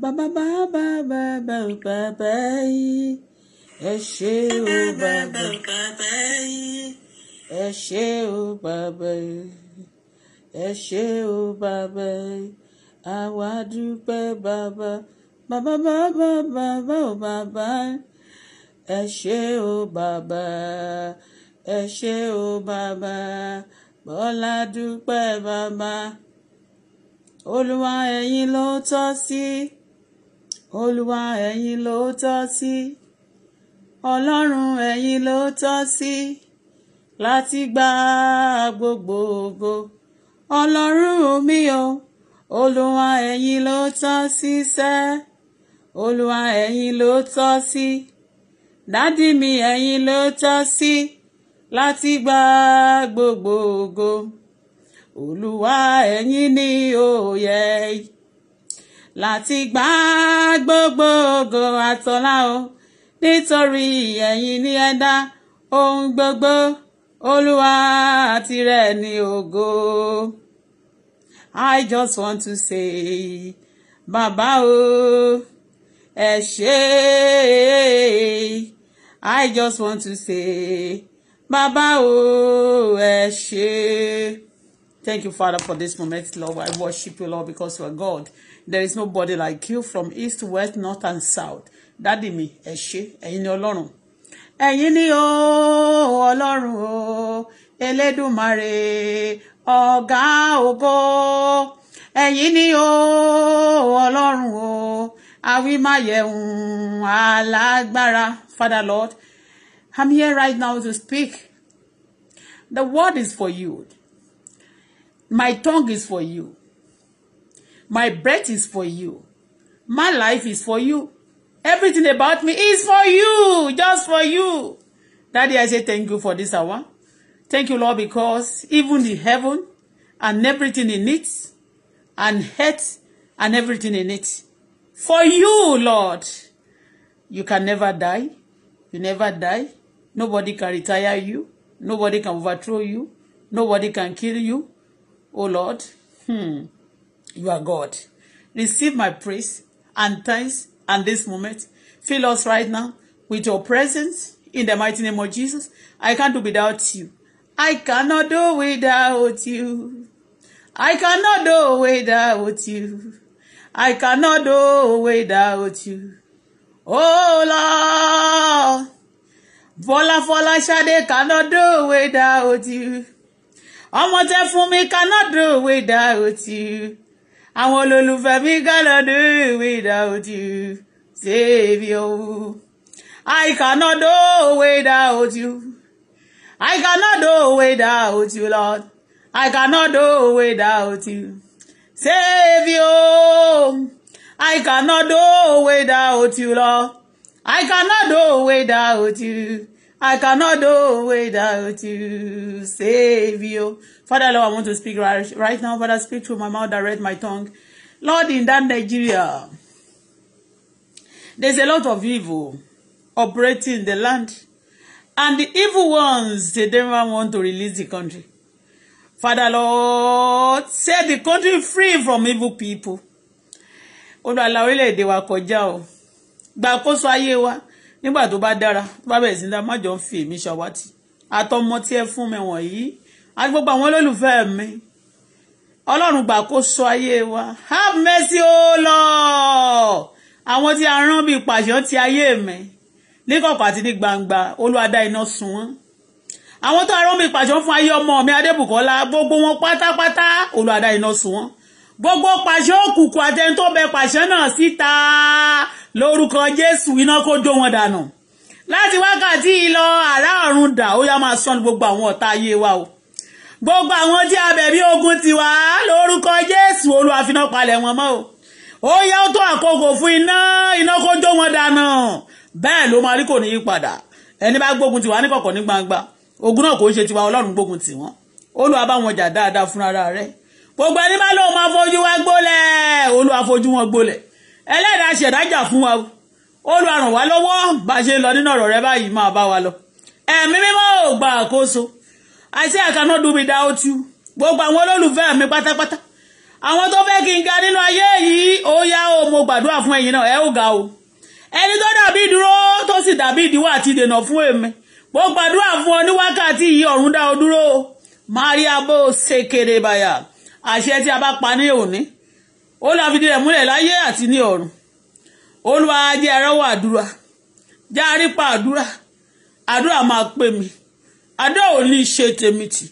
bàbá bàbá bàbá bàbá yìí ẹ ṣé o bàbá bàbá yìí ẹ ṣé o bàbá ẹ ṣé o bàbá àwa dúpẹ́ bàbá bàbá bàbá bàbá o Baba, ẹ ṣé o bàbá ẹ ṣé o bàbá bọ́lá dúpẹ́ bàbá olúwa ẹ̀yin ló tọ́ sí. Si olúwa ẹ̀yin ló tọ́ sí ọlọ́run ẹ̀yin ló tọ́ sí láti gba gbogbo ọlọ́run mi o olúwa ẹ̀yin ló tọ́ sí sẹ́ olúwa ẹ̀yin ló sí dádì mi ẹ̀yin ló tọ́ sí láti gba gbogbo ògo olúwa ni ó yẹ láti gba gbogbo ògo àtọ́lá o nítorí ẹ̀yin ni ẹ dá ohun gbogbo olúwa tirẹ̀ ni ògo. I just want to say bàbá o ẹ ṣé I just want to say bàbá o ẹ ṣé. Thank you, Father, for this moment, Lord. I worship you, Lord, because you are God there is nobody like you from east west north and south dádì mi ẹ ṣé ẹ̀yin ni ọlọ́run ẹ̀yin ni o ọlọ́run o elédùmarè ọ̀gá ògo ẹ̀yin ni o ọlọ́run o àwímáyẹ̀hùn alágbára father lord i'm here right now to speak the word is for you my tongue is for you My breath is for you. My life is for you. Everything about me is for you, just for you. Daddy, I say thank you for this hour. Thank you, Lord, because even the heaven and everything in it, and earth and everything in it, for you, Lord, you can never die. You never die. Nobody can retire you. Nobody can overthrow you. Nobody can kill you. Oh, Lord. Hmm. You are God. Receive my praise and thanks and this moment. Fill us right now with your presence in the mighty name of Jesus. I can't do without you. I cannot do without you. I cannot do without you. I cannot do without you. Oh Lord. Bola Fola Shade cannot do without you. Ọmọ tẹ cannot do without you àwọn olólùfẹ́ mi cannot do without you Savior I cannot do without you I cannot do without you Lord I cannot do without you Savior I cannot do without you Lord I cannot do without you. I cannot do without you, save you, Father, Lord, I want to speak right, right now. Father, speak through my mouth, direct my tongue. Lord, in that Nigeria, there's a lot of evil operating in the land. And the evil ones, they never want to release the country. Father, Lord, set the country free from evil people. Olúwa Lawele De èdè wa kọjá o. Gbàkóso ayé wa nígbà tó bá dára tó bá bẹ̀rẹ̀ sí ní dá májọ ń fi èmi ṣàwátì àtọmọ tí ẹ fún mi wọ̀nyí àti gbogbo àwọn olólùfẹ́ mi ọlọ́run gbà kó sọ ayé wa have mercy o Lord àwọn tí a rán bíi pàṣán ti ayé mi níkọ̀kọ̀ àti ní gbangba Olúwa dá iná sun wọ́n àwọn tó arán bíi pàṣán fún ayé ọmọ mi Adébùkọ́lá gbogbo wọn pátápátá Olúwa dá iná sun wọ́n gbogbo pàṣán òkùnkùn àtẹni bẹ pàṣán náà síta lórúkọ jésù iná kó jó wọn dànù láti wákàtí ìlọ àrá ọ̀run dà ó yá máa sọ́nù gbogbo àwọn ọ̀tá ayé wa o gbogbo àwọn tí a bẹ̀bí ogun ti wá lórúkọ jésù olúwa fi iná palẹ̀ wọn mọ́ o ó yá ó tó àkókò fún iná iná kó jó wọn dànù bẹ́ẹ̀ ló máa rí kò ní í padà ẹni bá gbógun tiwa ní kọ̀kọ̀ ní gbangba ogun náà kò ń ṣe tiwa ọlọ́run gbógun tiwọn olúwa bá wọn jà dáadáa fúnra rẹ̀ gbogbo ẹni bá lóun máa fojú wa gbólẹ̀ olúwa fojú wọn gbólẹ̀ ẹlẹ́dàá ṣẹ̀dájà fún wa olùrànwá wa lọ́wọ́ bá a ṣe lọ nínú ọ̀rọ̀ rẹ báyìí máa bá wa lọ ẹ̀mí mímọ́ ò gba àkóso àti àkànná dùnmí dá ó tú gbogbo àwọn olólùfẹ́ mi pátápátá àwọn tó fẹ́ kí n ga nínú ayé yìí ó yá o mo gbàdúrà fún ẹ̀yin náà ẹ ó ga o ẹni tó dàbí ìdúró tó sì dàbí ìdíwọ́ àti ìdènà fún èmi mo gbàdúrà fún ọ ní wákàtí yìí ọ̀run dá dúró maria bó ṣe kéré àṣẹ tí a bá pa ní òní olúwa fìdí rẹ̀ múlẹ̀ láyé àti ní ọ̀run olúwa ara arọ́wọ́ àdúrà jẹ́ arípa àdúrà àdúrà máa pè mí àdúrà ò ní ṣe tèmi tì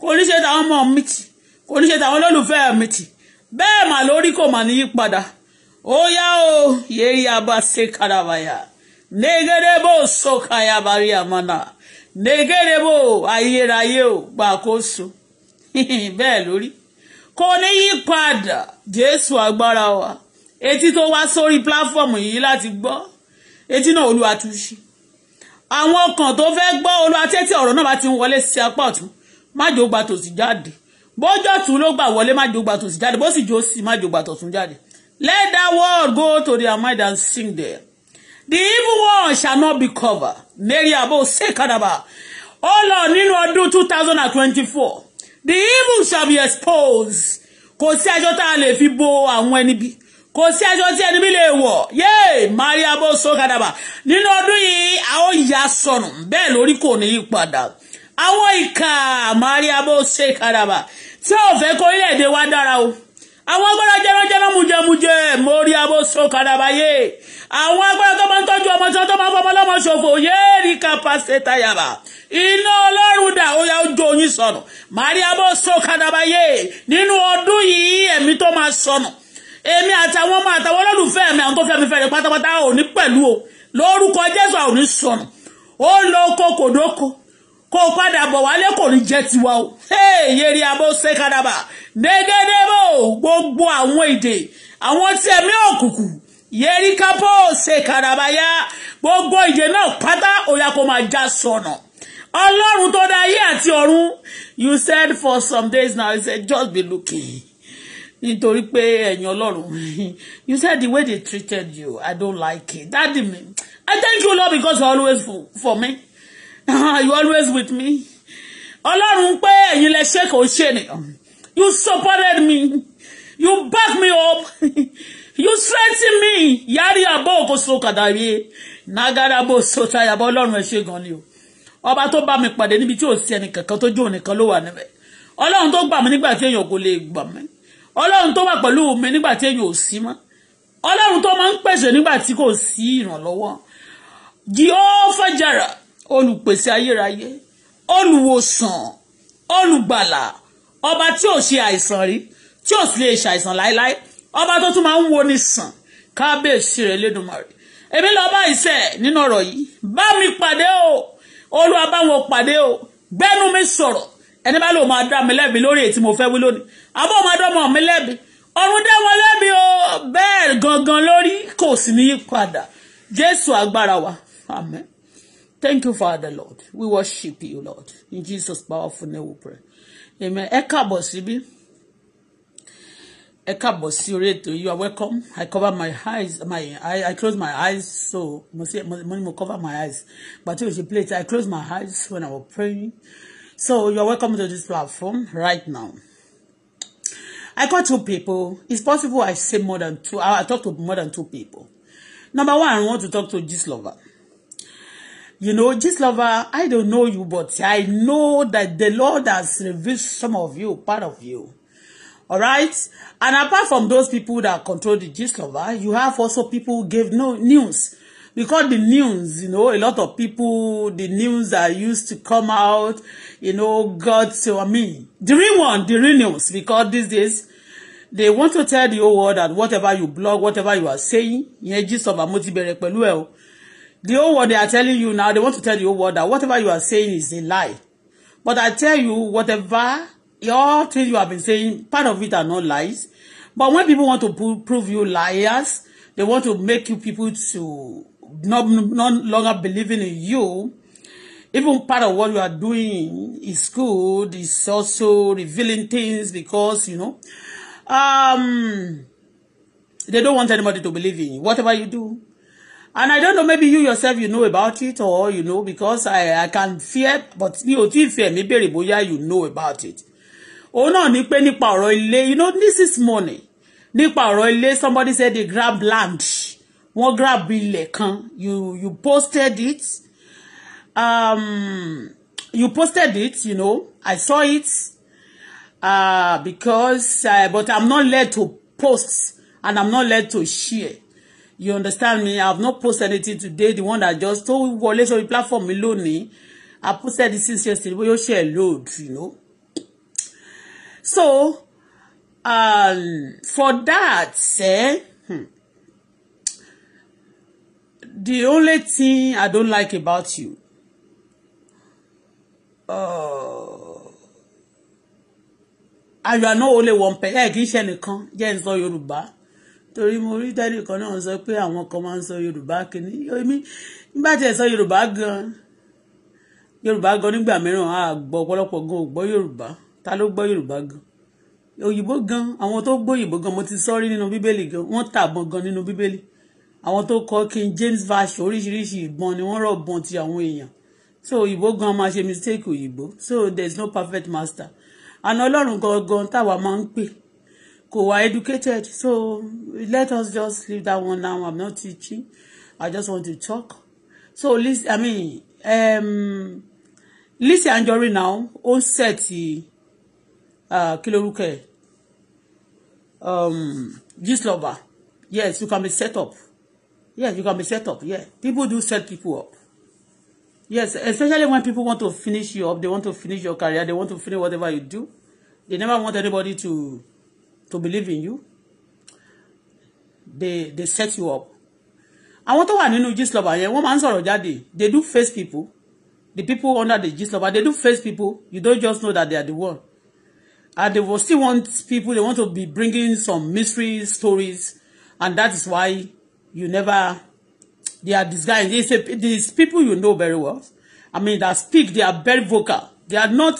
kò ní ṣe tàwọn ọmọ mi tì kò ní ṣe tàwọn olólùfẹ́ mi tì bẹ́ẹ̀ mà lórí kò mà ní yípadà ó yá o yéyí abá ṣe kàràbàyà negedebo àmàna ayérayé ò bẹ́ẹ̀ lórí. kò ní yí padà jésù agbára wa etí tó wá sórí pláfọ́ọ̀mù yìí láti gbọ́ etí náà olúwa tún ṣí àwọn ọkàn tó fẹ́ gbọ́ olúwa tẹ́tí ọ̀rọ̀ náà bá ti ń wọlé sí apá ọ̀tún má jò gba jáde bójó tún ló gbà wọlé má jò gba jáde bó sì jó sí má jò gba jáde let that word go to their mind and sing there the evil one shall not be covered mary abo sekadaba ó lọ nínú ọdún two thousand and twenty-four the evil shall be exposed kò sí ẹjọ́ tá a lè fi bo àwọn ẹni bí kò sí ẹjọ́ tí ẹni bí lè wọ̀ yéè maria bó so kadàbà nínú ọdún yìí àwọn ìyá sọnù bẹ́ẹ̀ lórí kò ní í padà àwọn ìka maria bó ṣe kadàbà tí ò fẹ́ kó orílẹ̀-èdè wa dára o àwọn agbára jẹranjẹran mujẹmujẹ mórí abóso kàdàbáyé àwọn agbára tó máa ń tọ́jú ọmọ tí wọ́n tó máa ń fọmọ lọ́mọ ṣòfò yéèrí kapase tayaba iná ọlọ́run dà ó yà ó jó oyin sọnù maria abóso kàdàbáyé nínú ọdún yìí ẹ̀mí tó máa sọnù èmi àtàwọn ọmọ àtàwọn olólùfẹ́ mi àwọn tó fẹ́ mi fẹ́rẹ̀ pátápátá òní pẹ̀lú o lórúkọ jésù àwọn òní sọnù ó lo kòkòdókò kó o padà bọ̀ wálé kò ní jẹ́ tiwa o yéèrè abó ṣẹ́kadàbà dégédébò gbogbo àwọn èdè àwọn tí ẹ̀mí òkùnkùn yéèrè kápó ṣẹ́kadàbà yá gbogbo èdè náà pátá òyà kó máa já sọnà ọlọ́run tó dá ayé àti ọ̀run you said for some days now you said just be looking nítorí pé ẹ̀yin ọlọ́run you said the way they treated you i don't like it that dey mean i thank you lord because you always for, for me. Ah, you always with me ọlọ́run pé ẹ̀yin lẹ ṣe kò ṣe nìyàn you supported me you back me up you strengthen me yari abo okoso kadaye nagara abo sota yabọ ọlọ́run ẹ ṣe gan ni o ọba tó bá mi pàdé níbi tí ò sí ẹnì kankan tó jó nìkan ló wà níbẹ̀ ọlọ́run tó gbà mí nígbà tí èèyàn kò lè gbà mí ọlọ́run tó wà pẹ̀lú mi nígbà tí èèyàn ò sí mọ́ ọlọ́run tó máa ń pèsè nígbà tí kò sí ìrànlọ́wọ́ Jehovah Jireh olùpèsè ayérayé olùwòsàn olùgbàlà ọba tí ò ṣe àìsàn rí tí ò sì lè ṣàìsàn láéláé ọba tó tún máa ń wo ni sàn kábíyèsí rẹ̀ lẹ́dùnmarè èmi lọ bá ìṣe nínú ọ̀rọ̀ yìí bá mi pàdé o olúwa bá wọn pàdé o gbẹ́nu mi sọ̀rọ̀ ẹni bá lò máa dá mi lẹ́bi lórí èyí tí mo fẹ́ wí lónìí àbọ̀ máa dọ́mọ mi lẹ́bi ọ̀run dá wọn lẹ́bi o bẹ́ẹ̀ gangan lórí kò sì ní í padà jésù agbára wa amen. Thank you, Father, Lord. We worship you, Lord. In Jesus' powerful name we pray. Amen. Eka bosibi. Eka Ẹ You are welcome. I cover my eyes. My I, I close my eyes. So, mo say, mo cover my eyes. But if you play it. I close my eyes when I was praying. So, you are welcome to this platform right now. I call two people. It's possible I say more than two. I, I talk to more than two people. Number one, I want to talk to this lover. You know, this lover, I don't know you, but I know that the Lord has revealed some of you, part of you. All right? And apart from those people that control the gist lover, you have also people who gave no news. Because the news, you know, a lot of people, the news that used to come out, you know, God, so I mean, the real one, the real news, because these days, they want to tell the whole world that whatever you blog, whatever you are saying, ìyẹn gist lover mo ti bẹ̀rẹ̀ The whole world they are telling you now, they want to tell the oh, whole world that whatever you are saying is a lie. But I tell you, whatever, all things you have been saying, part of it are not lies. But when people want to prove you liars, they want to make you people to not, no longer believing in you. Even part of what you are doing is good, is also revealing things because, you know, um, they don't want anybody to believe in you. Whatever you do, and i don't know maybe you yourself you know about it or you know because i i can fear but mi ò tí fear mi béèrè bóyá you know about it òun náà ni pé nípa ọ̀rọ̀ ilé you know this is money nípa ọ̀rọ̀ ilé somebody said they grab land wọ́n grab ilẹ̀ kan you you posted it um, you posted it you know i saw it uh, because uh, but i'm not led to post and i'm not led to share you understand me i have not post anything today the one that just tó wọlé sórí platform mi lónìí i posted it since yesterday bóyá ó share load you know so um, for that eh, hmm, the only thing i don't like about you uh, and you are not only one person ẹ kì í ṣe nìkan jẹ́ n sọ yorùbá torí mo rí dádì kan náà sọ pé àwọn kan máa ń sọ yorùbá kìíní èmi nígbà tí ẹ sọ yorùbá gan yorùbá gan nígbà mìíràn á gbọ́ ọ̀pọ̀lọpọ̀ gan ò gbọ́ yorùbá ta ló gbọ́ yorùbá gan òyìnbó gan àwọn tó gbọ́ òyìnbó gan mo ti sọrí nínú bíbélì gan wọ́n tàbọn gan nínú bíbélì àwọn tó kọ King James version oríṣiríṣi ìbọn ni wọ́n rọ̀bọ̀n ti àwọn èèyàn so òyìnbó gan máa ṣe mistake òyìnbó so there is no perfect master àná ọlọ́run gangan táwa máa ń pè kò are educated so let us just leave that one now i'm not teaching i just want to talk so Lizzy i mean um, Lizzy Anjorin now ó ń sẹ́ẹ̀tì uh, kí Um, ẹ̀ Gistlover yes you can be set up yes you can be set up yeah people do set people up yes especially when people want to finish you up they want to finish your career they want to finish whatever you do they never want anybody to to believe in you they they set you up àwọn tó wà nínú gist lover yẹn wọ́n máa ń sọ̀rọ̀ jáde they do face people the people under the gist lover they do face people you don't just know that they are the one and they will still want people they want to be bringing some mystery stories and that is why you never they are disguised it's these people you know very well I mean that speak they are very vocal they are not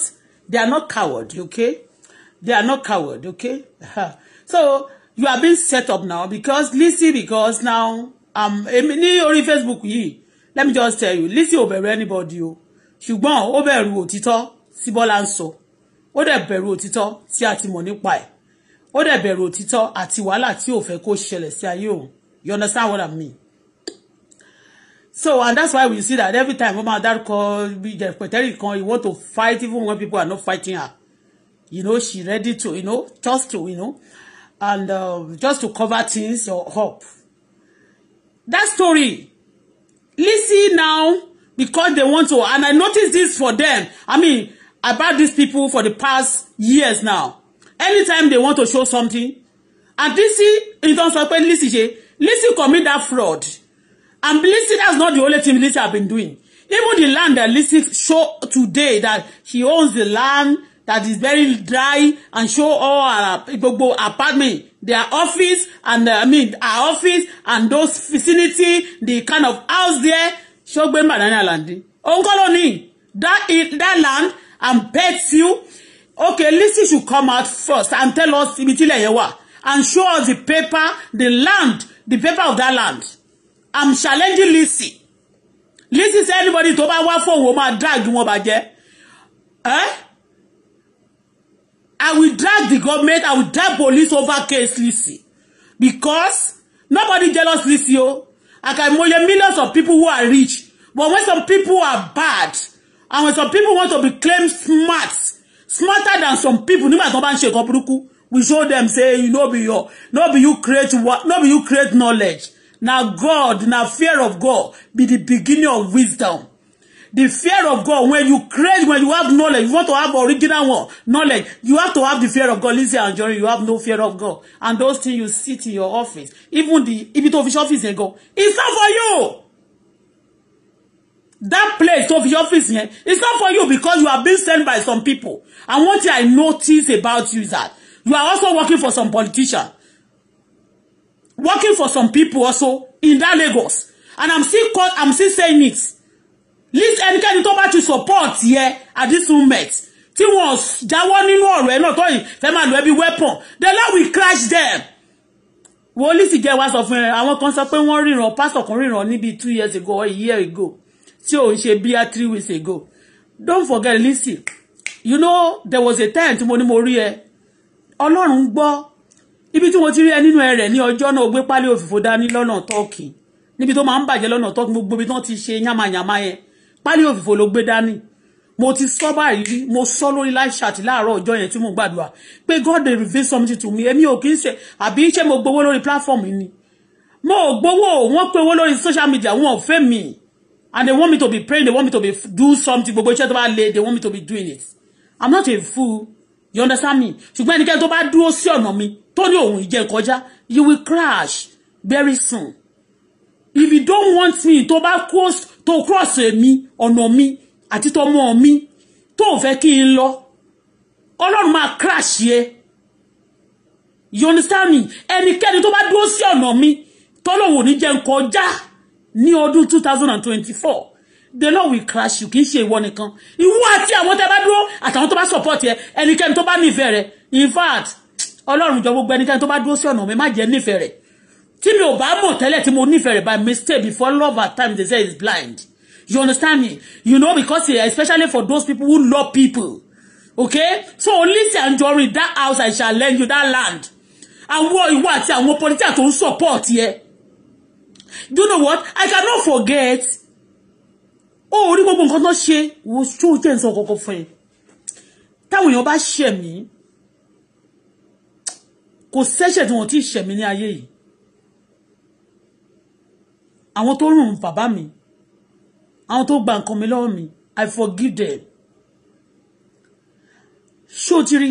they are not coward okay They are not coward, okay? so you are being set up now because Lizzy, because now um ní orí Facebook yìí, let me just tell you, Lizzy ò bẹ̀rù anybody o. Ṣùgbọ́n ó bẹ̀rù òtítọ́ sí Bọ́lá ń sọ. Ó dẹ̀ bẹ̀rù òtítọ́ tí a ti mọ̀ nípa ẹ̀. Ó dẹ̀ bẹ̀rù òtítọ́ àti wàhálà tí ò fẹ́ kó ṣẹlẹ̀ sí ayé òun. You understand what I mean? So and that's why we see that every time woman dad call be the secretary kan you want to fight even when people are not fighting her you know she ready to you know just to you know and uh, just to cover things or up that story Lizzy now because they want to and I notice this for them I mean about these people for the past years now anytime they want to show something and Lizzy ìtàn sọ pé Lizzy ṣe Lizzy commit that fraud and Lizzy that's not the only thing Lizzy have been doing even the land that Lizzy show today that he owns the land that is very dry and show all our gbogbo apartment their office and uh, I mean our office and those vicinity the kind of house there ṣọgbẹ́ banana landi òun kọ́ that is that land and bet you okay Lizzy should come out first and tell us ibi tí ilẹ̀ and show us the paper the land the paper of that land I'm challenging Lizzy Lizzy say anybody to bá wá fóun ó máa drag wọn bàjẹ́. Eh? I will drag the government, I will drag police over case Lizzy. Because nobody jealous Lizzy o. Oh. I can moye millions of people who are rich. But when some people are bad, and when some people want to be claimed smart, smarter than some people, nígbà tí wọ́n bá ń we show them say, you know, be your, no be you create what, no be you create knowledge. Now, God, now fear of God be the beginning of wisdom. The fear of God, when you create, when you have knowledge, you want to have original one, knowledge, you have to have the fear of God. Listen, and Johnny, you have no fear of God. And those things you sit in your office, even the if it official office and go, it's not for you. That place of your office here, it's not for you because you are being sent by some people. And one thing I notice about you is that you are also working for some politician, working for some people also in that Lagos. And I'm still caught, I'm still saying it list ẹnikẹ́ni tó bá ti support yẹ at this moment tí wọ́n jáwọ́ nínú ọ̀rọ̀ ẹ̀ náà tó yìí fẹ́ máa lo ẹbí weapon the law will crash them. wòlíì sì jẹ́ wá sọ fún ẹ àwọn kan sọ pé wọ́n ríran pásọ̀ kan ríran níbi two years ago or a year ago tí òun ṣe bíi three weeks ago don't forget Lizzy you know there was a time tí mo ní mo rí ẹ ọlọ́run gbọ́ ibi tí mo ti rí ẹ nínú ẹ rẹ̀ ní ọjọ́ náà ó gbé pálí òfìfo dání lọ́nà tọ́kì níbi tó máa ń bàjẹ́ lọ́nà tọ́kì gbogbo ibi tí wọ́n ti ṣe yàmàyàmá yẹn pálí òfìfo ló gbé dání mo ti sọ báyìí rí mo sọ lórí live chat láàárọ̀ ọjọ́ yẹn tí mo gbàdúrà pé God dey reveal something to me èmi ò kì í ṣe àbí ṣé mo gbowó lórí platform ni mo ò gbowó wọ́n pé lórí social media wọn ò fẹ́ mi and they want me to be praying they want me to be do something gbogbo iṣẹ́ tó bá le they want me to be doing it I'm not a fool you understand me ṣùgbọ́n ẹnikẹ́ni tó bá dúró sí ọ̀nà mi tó ní òun ìjẹ́ kọjá you will crash very soon if you don't want me tó bá close tó cross èmi ọ̀nà mi àti tọmọ mi tó ń fẹ́ kí n lọ ọlọ́run máa crash yẹ e. you understand me ẹnikẹ́ni tó bá dúró sí ọ̀nà mi tọ́lọ́wò ní jẹ́ nkọjá ní ọdún two thousand and twenty-four the law will crash you kì í ṣe ìwọ nìkan ìwọ àti àwọn tẹ bá dúró àtàwọn tó bá support yẹ ẹnikẹ́ni tó bá nífẹ̀ẹ́ rẹ in fact ọlọ́run jọ gbogbo ẹnikẹ́ni tó bá dúró sí ọ̀nà mi má jẹ́ nífẹ̀ẹ́ rẹ̀ tí mi ò bá mọ̀ tẹ́lẹ̀ tí mo nífẹ̀ẹ́ rẹ̀ by mistake before love at times they say is blind you understand me you know because eh, especially for those people who love people okay so Lizzy Anjorin that house I shall lend you that land àwọn ìwọ àti àwọn politician to ń support yẹ do you know what I cannot forget ó orí gbogbo nǹkan tó ṣe wo ṣó jẹ́ nsọ kọ̀ọ̀kan fún ẹ táwọn èèyàn bá ṣẹ̀mí kò sẹ́ṣẹ̀ tí wọ́n ti ṣẹ̀mí ní ayé yìí àwọn tó rùn bàbá mi àwọn tó gba nǹkan mi lọ́wọ́ mi I forgive them ṣòtiri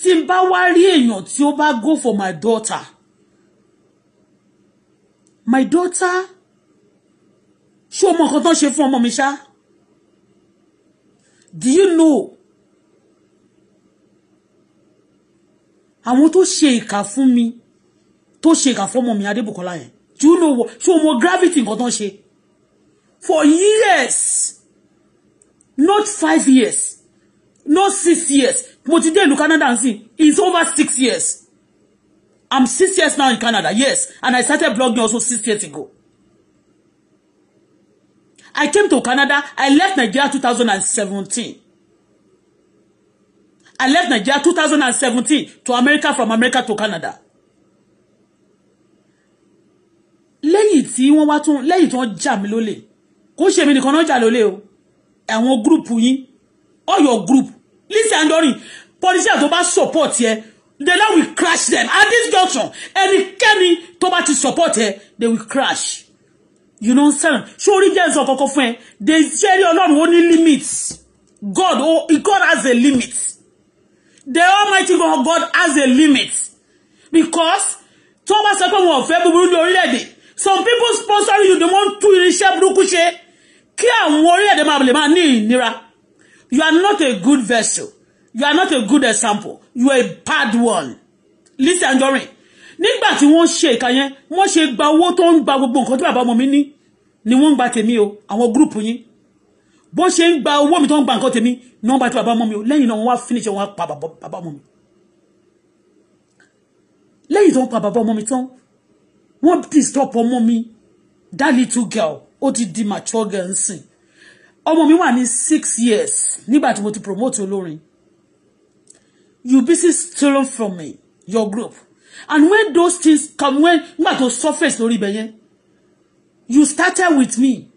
tí n bá wá rí èèyàn tí ó bá go for my daughter my daughter ṣé o mọ nǹkan tó ń ṣe fún ọmọ mi ṣá do you know àwọn tó ṣe ìkà fún mi tó ṣe ìkà fún ọmọ mi Adébùkọ́lá yẹn do you know what ṣé o gravity nǹkan tán ṣe for years not five years not six years mo ti dé ìlú Canada n sin it's over six years I'm six years now in Canada yes and I started blogging also six years ago I came to Canada I left Nigeria 2017 I left Nigeria 2017 to America from America to Canada lẹ́yìn tí wọ́n wá tún lẹ́yìn tí wọ́n jà mí lólè kó ṣe mí nìkan náà jà lólè o àwọn gúrùpù yín all your group Lizzy Anjorin politician tó bá support yẹ they now will crash them at this junction ẹnikẹ́ni tó bá ti support yẹ they will crash you know sir sórí jẹ́ nsọ kọ́kọ́ fún ẹ they ṣẹ́rí ọlọ́run ó ní limit God oh, God has a limit the almighty God, God has a limit because tó bá sọ pé wọn ò fẹ́ búburú ní orílẹ̀-èdè some people sponsoring you they want tú irinṣẹ́ burúkú ṣe kí àwọn orílẹ̀-èdè máa lè máa ní ìnira you are not a good vessel you are not a good example you are a bad one Lizzy Anjorin nígbà tí wọ́n ṣe ìka yẹn wọ́n ṣe gba owó tó ń gba gbogbo nǹkan tí bàbá ọmọ mi ní ni wọ́n ń gba tèmi o àwọn gúrùpù yín bó ṣe ń gba owó mi tó ń gba nǹkan tèmi ni wọ́n gba ti bàbá ọmọ mi o lẹ́yìn náà wọ́n wá finish wọn pa bàbá ọmọ mi lẹ́yìn tó ń pa bàbá ọmọ mi tán wọ́n disturb ọmọ mi that little girl ó ti di mature girl ń sìn ọmọ mi wà ní six years nígbà tí mo ti promote olórin you business stolen from me your group and when those things come when nígbà tó surface lórí ibẹ̀ yẹn you started with me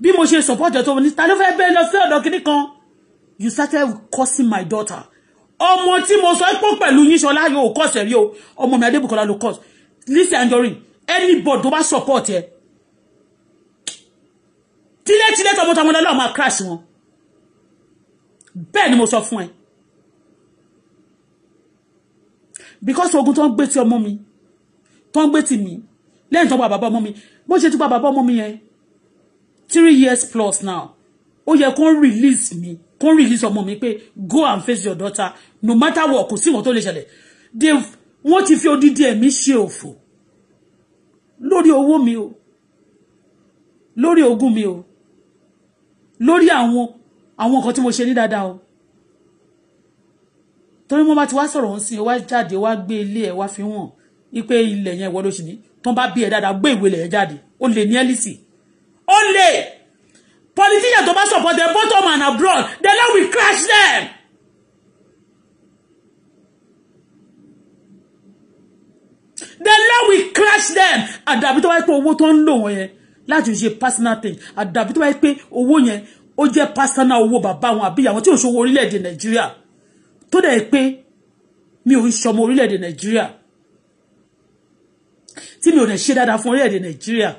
bí mo ṣe support ẹ̀ tó ní ta ló fẹ́ bẹ́ẹ̀ lọ sí ọ̀dọ̀ kìnnì kan you started cursing my daughter ọmọ tí mo sọ pé pẹ̀lú yín ṣọlá yóò kọ́sẹ̀ rí o ọmọ mi adébùkọ́lá ló cause. Lizzy Anjorin anybody tó bá support ẹ tílétílé tọmọtọmọ lọ́wọ́ máa crash wọn bẹ́ẹ̀ ni mo sọ fún ẹ because ogun tó ń gbé ti ọmọ mi tó ń gbé ti mi lẹ́yìn tó ń gba bàbá ọmọ mi bó ṣe ti gba bàbá ọmọ mi yẹn three years plus now ó yẹ kó release mi kó release ọmọ mi pé go and face your daughter no matter what kò sí ìwọ̀n tó lè ṣẹlẹ̀ they've wọ́n ti fi odidi ẹ̀mí ṣe òfò lórí owó mi o lórí ogún mi o lórí àwọn àwọn nǹkan tí mo ṣe ní dáadáa o torí mo bá ti wá sọ̀rọ̀ ń sìn wá jáde wá gbé ilé ẹ̀ wá fi hàn wípé ilẹ̀ yẹn ìwọ ló ṣì ní tó ń bá bí ẹ dáadáa gbé ìwé ilẹ̀ yẹn jáde ó lè ní ẹ́lísì ó lè politician tó bá support them bottom and abroad the law will crash them the law will crush them àdàbí tó bá yẹ pé owó tó ń lò wọn yẹn láti ṣe personal thing àdàbí tó bá yẹ pé owó yẹn ó jẹ́ personal owó bàbá wọn àbí ìyàwó tí ò ṣòwò orílẹ̀-èdè nàìjíríà tó dẹ̀ pé mi ò ń ṣọmọ orílẹ̀-èdè nàìjíríà tí mi ò dẹ̀ ṣe dáadáa fún orílẹ̀-èdè nàìjíríà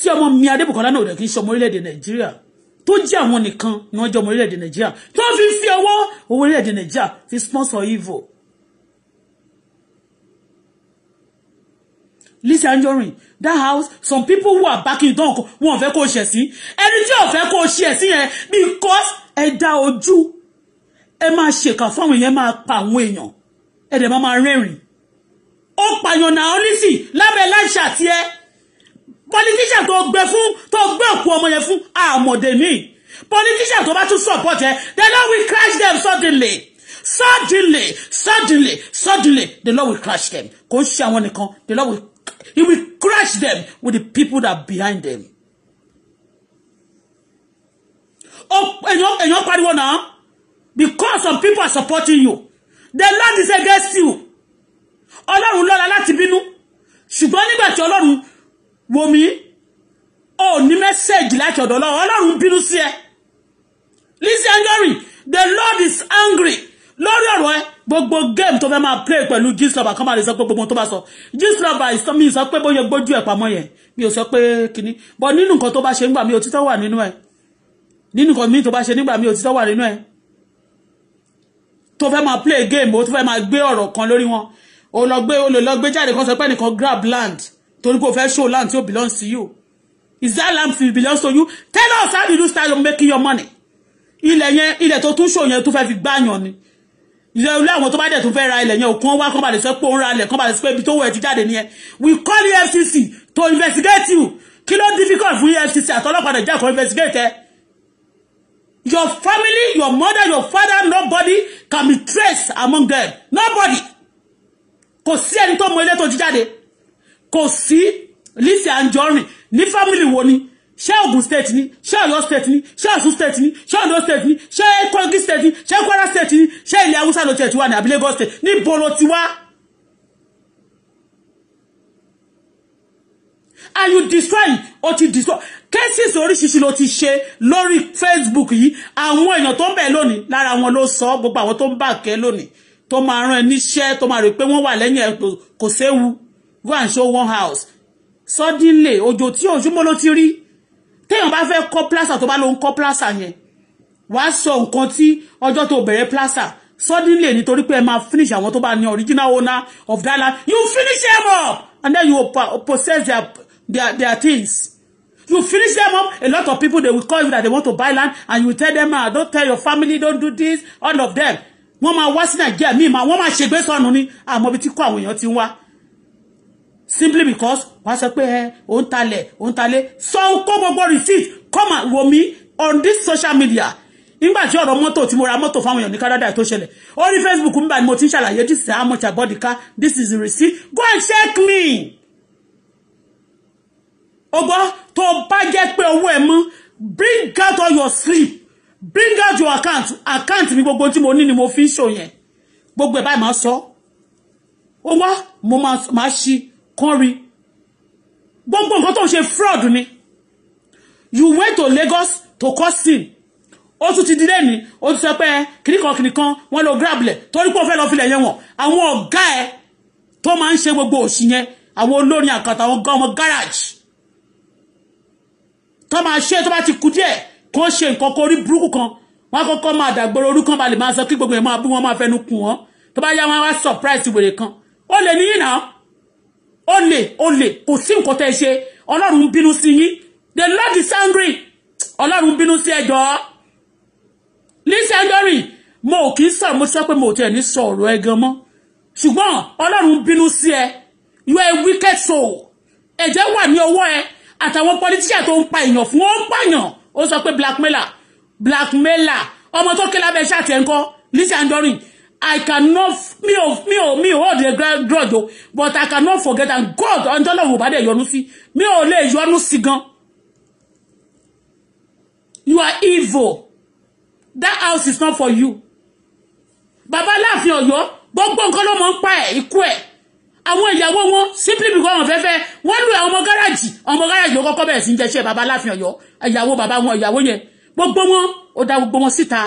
tí ọmọ mi adébùkọ́lá náà ò dẹ̀ kí ń ṣọmọ orílẹ̀-èdè nàìjíríà tó jẹ́ àwọn nìkan ni wọ́n jẹ́ ọmọ orílẹ̀-èdè nàìjíríà tó fi fi ọwọ́ owó orílẹ̀-èdè nàìjíríà fi sponsor evil. Lizzy Anjorin that house some people who are backing don wọn fẹ́ kó ṣẹ̀ sí ẹni tí ò fẹ́ kó ṣẹ̀ sí yẹn because ẹ dá ojú ẹ máa ṣèkà fáwọn èèyàn máa pa àwọn èèyàn ẹ dẹ̀ máa máa rẹ́rìn ó pààyàn náà ó lábẹ́ láìṣà tiẹ̀ politician tó gbé fún tó gbé òkú ọmọ yẹn fún àmọ̀dé mi politician tó bá tún support ẹ the law will crash them suddenly suddenly suddenly suddenly the law will crash them kò ń ṣe àwọn nìkan the law will he will crash them with the people that behind them. èèyàn èèyàn pariwo náà because some people are supporting you the Lord is against you ọlọ́run lọ́la láti bínú ṣùgbọ́n nígbà tí ọlọ́run wò mí o ní mẹ́sẹ̀gì láti ọ̀dọ̀ ọlọ́run ọlọ́run bínú sí ẹ listen lórí the lord is angry lórí ọ̀rọ̀ ẹ gbogbo game to fẹ́ máa play pẹ̀lú gislova kọ́ máa lè sọ pé gbogbo tó bá sọ gislova mi sọ pé bóyá gbójú ẹ̀ pamọ́ yẹn mi ò sọ pé kínní bọ́ nínú nǹkan to bá ṣe nígbà mi òtítọ́ wà nínú ẹ̀ nínú nǹkan mi tó bá ṣe nígbà mi òtítọ́ wà nínú ẹ̀ To fẹ́ máa play game ó tó fẹ́ máa gbé ọ̀rọ̀ kan lórí wọn ó lọ gbé ó lè lọ gbé jáde kan sọ pé ẹnìkan grab land torí pé o fẹ́ show land tí ó belongs to you is that land still belongs to you tell us how you do style of making your money ilẹ̀ yẹn ilẹ̀ tó tún show yẹn tó fẹ́ fi gbáyàn ni ilẹ̀ olú àwọn tó bá dẹ̀ tún fẹ́ ra ilẹ̀ yẹn òkun wá kán balẹ̀ sọ pé òun ra ilẹ̀ kán balẹ̀ sọ pé ibi tó wọ̀ ẹ̀ ti jáde nìyẹn we call e FCC to investigate you kí ló difficult fún EFCC àtọ́lọ́pàá nàìjíríà kan investigate ẹ your family your mother your father nobody can be traced among them nobody kò sí ẹni tó mọ ilé tó ti jáde kò sí Lizzy Anjorin ní family wo ni ṣé Ogun state ni ṣé Ọ̀yọ́ state ni ṣé Ọ̀ṣun state ni ṣé Ondo state ni ṣé Kogi state ni ṣé Kwara state ni ṣé ilẹ̀ Haúsá ló tiẹ̀ ti wá ní àbí Lagos state ní bolo tiwa. and you destroying? o ti destroy cases oríṣiríṣi ló ti ṣe lórí Facebook yìí àwọn èèyàn tó ń bẹ̀ lónìí lára wọn ló sọ gbogbo àwọn tó ń bà kẹ́ lónìí tó máa rán ẹ níṣẹ́ tó máa rè pé wọ́n wà lẹ́yìn ẹ̀ kò séwu go and show one house suddenly òjò tí òjúmọ́ ló ti rí téèyàn bá fẹ́ kọ́ plaza tó bá ló ń kọ́ plaza yẹn wàá sọ nǹkan tí ọjọ́ tó bẹ̀rẹ̀ plaza suddenly nítorí pé ẹ máa finish àwọn to bá ní original owner of that land you finish them up and then you possess their their their things you finish them up a lot of people they will call you that they want to buy land and you tell them ah don't tell your family don't do this all of them wọ́n máa wá sí nàìjíríà míì máa wọ́n máa ṣègbè sọnù ni àmọ́ ibi tí kó àwọn èèyàn ti ń wá simply because wàá sọ pé ẹ ò ń talẹ̀ ò ń talẹ̀ sọ kó gbogbo receipt come and wò me on this social media nígbà tí ọ̀rọ̀ mọ́tò tí mo ra mọ́tò fáwọn èèyàn ní Canada tó ṣẹlẹ̀ orí Facebook ń bá ni mo ti ń ṣàlàyé this is how much I bought the car this is the receipt go and check me. ọgbọ́n tó bá jẹ́ pé owó ẹ̀ mọ́ bring out all your sleep bring out your account account mi gbogbo tí mo ní ni mo fi ń ṣò yẹn gbogbo ẹ̀ báyìí máa sọ ó mo máa ṣí kán rí gbogbo nǹkan tó ń ṣe fraud ni you went to Lagos to cause sin ó tún ti dilé ní ó tún sọ pé kìnnìkan kìnnìkan wọ́n lọ gírábìlẹ̀ torí pé ó fẹ́ lọ filẹ̀ yẹn wọ̀n àwọn ọ̀gá ẹ̀ tó máa ń ṣe gbogbo òṣì yẹn àwọn olórin àkàtà àwọn ọmọ gáràjì tó máa ṣe tó bá ti kú díẹ̀ kó ṣe nǹkan kó rí burúkú kan wọ́n kọ́kọ́ máa dàgbòrò orúkọ balẹ̀ máa sọ kí gbogbo yẹn máa bú wọn máa fẹnu kù wọn tó bá yá wọn wá surprise wèrè kan ó lè níyìn náà olè olè kò sí nǹkan tẹ́ ṣe ọlọ́run bínú sí yín the lord is angry ọlọ́run bínú sí ẹjọ́ lísẹ́ńdọ́rì mo ò kì í sọ̀rọ̀ mo ti sọ pé mo ò tiẹ̀ ní sọ̀rọ̀ ẹ gan mọ́ ṣùgbọ́n ọlọ́run bínú sí ẹ you are a wicked soul ẹ̀jẹ̀ wà ní ọwọ́ ẹ àtàwọn politician tó ń pa èèyàn fún ó ń pààyàn ó sọ pé blackmailer blackmailer ọmọ tó ké lábẹ́ iṣẹ́ àti ẹ̀ńkọ́ lísẹ́ńdọ́rì I cannot me ò me ò me ò hold a grudge o but I cannot forget and God don't know wò bá dẹ̀ yọnu sí mi ò you yọnu sí gan. You are evil. That house is not for you. Bàbá Aláàfin Ọ̀yọ́ gbogbo nǹkan ló mọ̀ ń pa ẹ̀ ikú ẹ̀. Àwọn ìyàwó simply because wọn fẹ́fẹ́ wọ́n lu àwọn ọmọ gáràjì ọmọ gáràjì ló kọ́kọ́ bẹ̀rẹ̀ sí ń jẹ́ṣẹ́ bàbá Aláàfin Ọ̀yọ́ ìyàwó bàbá wọn ìyàwó yẹn gbogbo wọn ó dá gbogbo wọn sita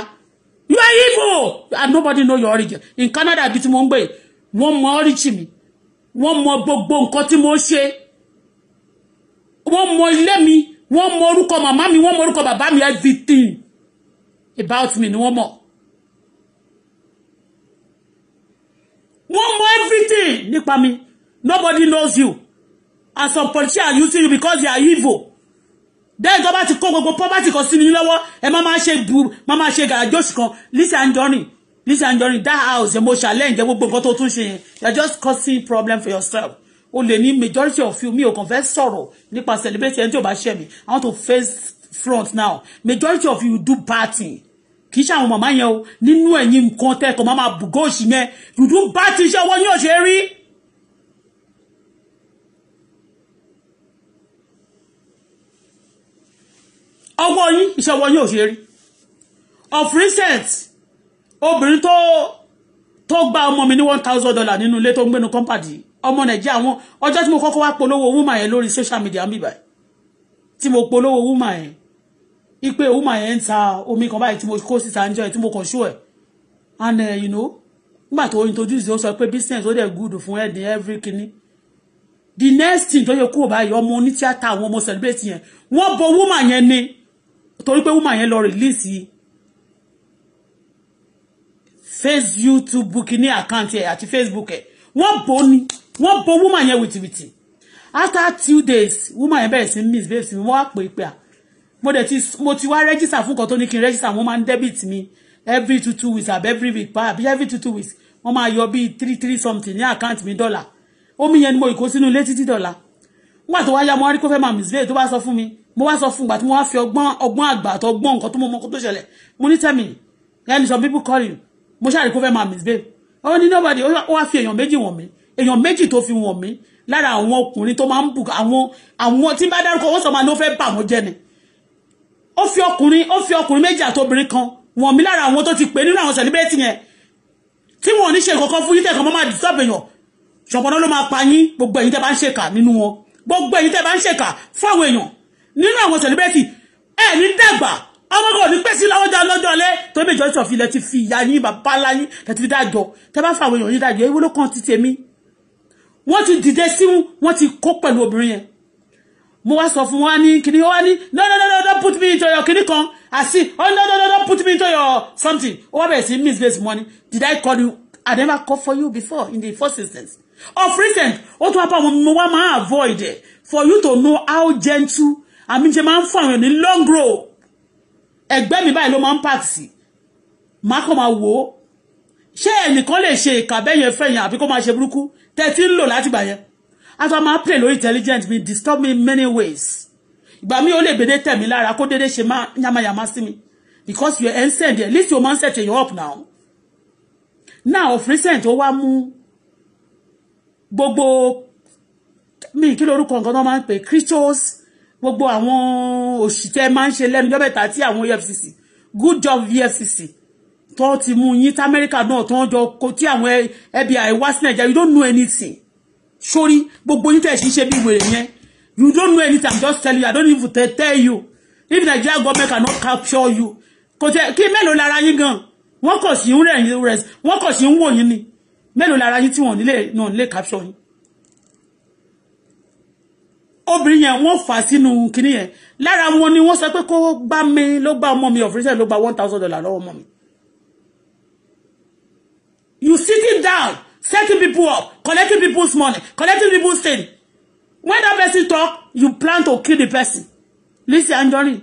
you are evil and nobody know your origin in Canada bí tí mo ń gbé wọ́n mọ origin mi wọ́n mọ gbogbo nǹkan tí mo ṣe wọ́n mọ ilé mi wọ́n mọ orúkọ màmá mi wọ́n mọ orúkọ bàbá mi everything about me ni wọ́n mọ̀ wọ́n mọ everything nípa mi nobody knows you and some politicians using you because you are evil then tó bá ti kó gbogbo property kan sí mi lọ́wọ́ ẹ má máa ṣe bu má máa ṣe gàjọ́sì kan Lizzy Anjorin Lizzy Anjorin that house mo challenge gbogbo nǹkan tó tún ṣe yẹn you are just causing problem for yourself o lè ní majority of you mi ò kàn fẹ́ sọ̀rọ̀ nípa celebrate ẹni tí ò bá ṣẹ̀ mi I want to face front now majority of you do party kì í ṣàwọn màmá yẹn o nínú ẹ̀yin nǹkan tẹ́kọ̀ọ́ máa bùgọ́ òṣì yẹn you do party iṣẹ́ ọwọ́ yóò ṣe rí. ọwọ́ yín iṣẹ́ ọwọ́ yín ṣe rí of recent obìnrin tó tó gba ọmọ mi ní one thousand dollar nínú ilé tó ń gbénu company ọmọ nàìjíríà wọn ọjọ́ tí mo kọ́kọ́ wá polówó woman yẹn lórí social media ń bìbà tí mo polówó woman yẹn ipe woman yẹn ń ta omi kan báyìí tí mo kó síta ń jọ tí mo kàn ṣó ẹ̀ and uh, you know nígbà tó introduce ó sọ pé business ó dẹ̀ good fún ẹ̀ every kinní the next thing tó yẹ kúrò báyìí ọmọ onítíátà àwọn ọmọ celebrate yẹn wọ́n bo woman yẹn ni torí pé woman yẹn lọ release face youtube bukini account ẹ àti facebook ẹ wọ́n bò ní wọ́n bò woman yẹn wìtìwìtì after two days woman yẹn bẹ̀rẹ̀ sí miss babes mi wọ́n á pè é pé à ah, mo dẹ̀ ti mo ti wá register fún kan tó ní kí n register wọ́n máa ń debit mi every two two weeks àbí every week àbí every two two weeks wọ́n máa yọ bíi three three something ní àkáǹtì mi dọ́là omi yẹn ni mo ìkó sínú ilé títí dollar. nígbà tó wáyá mo rí kó fẹ́ máa miss babes tó bá sọ fún mi mo wá sọ fún ìgbà tí mo wá fi ọgbọ́n ọgbọ́n àgbà àti ọgbọ́n nǹkan tó mọ ọmọ tó ṣẹlẹ̀ mo ní tẹ́mi lẹ́nu some people calling. you mo ṣáà rí kó fẹ́ máa misbehave ó ní nobody ó wá fi èèyàn méjì wọ̀n mí èèyàn méjì tó fi wọ̀n mí lára àwọn ọkùnrin tó máa ń bù àwọn àwọn tí bá dárúkọ wọ́n sọ máa ní ó fẹ́ bà wọ́n jẹ́ ni ó fi ọkùnrin ó fi ọkùnrin méjì àtobìnrin kan wọ̀n mí lára àwọn tó ti pè nínú àwọn celebrity yẹn tí wọn ní ṣe kankan fún yín tẹ̀kan máa disturb èèyàn ṣọ̀pọ̀ná ló máa pa yín gbogbo ẹ̀yin tẹ́ bá ń ṣèkà nínú wọn gbogbo ẹ̀yin tẹ́ bá ń ṣèkà fún àwọn èèyàn nínú àwọn celebrity ẹ ní dàgbà ọmọkọ ò ní pẹ́ sí lọ́wọ́jọ́ lọ́jọ́ alẹ́ tó bí ìjọ ìṣọ̀fin lẹ ti fi ìyá yín bàbá ńlá yín lẹ ti fi dájọ́ tẹ bá fàwọn èèyàn yín dájọ́ ewé ló kàn ti tèmi wọ́n ti dìde sí wọ́n ti kó pẹ̀lú obìnrin yẹn mo wá sọ fún wa ní kíní wa ní no no no no don't put me into your kíní kan àti oh no no no don't put me into your something ó wá bẹ̀rẹ̀ sí misplace money did I call you I never call for you before in the first instance of recent ó tún wá pa mo wá máa avoid it for you to know how gentle àmì ṣe máa ń fún àwọn ní long road ẹgbẹ́ mi báyìí ló máa ń pàtì má kàn máa wò ó ṣé ẹnìkan lè ṣe ìkà bẹ́yẹn fẹ̀yìn àbí kó máa ṣe burúkú tẹ́ ti ń lò láti gbà yẹn aṣọ máa play lórí intelligent mi disturb me many ways ìgbà mi ò lè gbèdé tẹ̀ mí lára kó déédéé ṣe má yamayama sí mi because you are send there at least you man set you up now now of recent ó wá mú gbogbo mi kí lórúkọ nǹkan tó máa ń pè cryptos gbogbo àwọn òṣìṣẹ́ máa ń ṣe lẹ́nu lọ́bẹ̀ta tí àwọn EFCC good job EFCC tó ti mú yín tí Amẹ́ríkà náà tó ń jọ kó tí àwọn FBI e wá sí Nàìjíríà you don't know anything sórí gbogbo yín tẹ̀ sí ṣe bí wèrè yẹn you don't know anything I'm just telling you I don't even tell, tell you if Nigeria government cannot capture you kò tẹ kí mélòó lára yín gan wọ́n kò sí ń rẹ̀ wọ́n kò sí ń wò yín ni mélòó lára yín tí wọ́n nílé náà nílé capture yín obìnrin yẹn wọ́n fà sínú kinní yẹn lára wọn ni wọ́n sọ pé kó gbá mi ló gbá ọmọ mi ọ̀fíìsẹ̀ ló gba one thousand dollar lọ́wọ́ ọmọ mi. you sitting down setting people up collecting people's money collecting people's thing when that person talk you plan to kill the person Lizzy Anjorin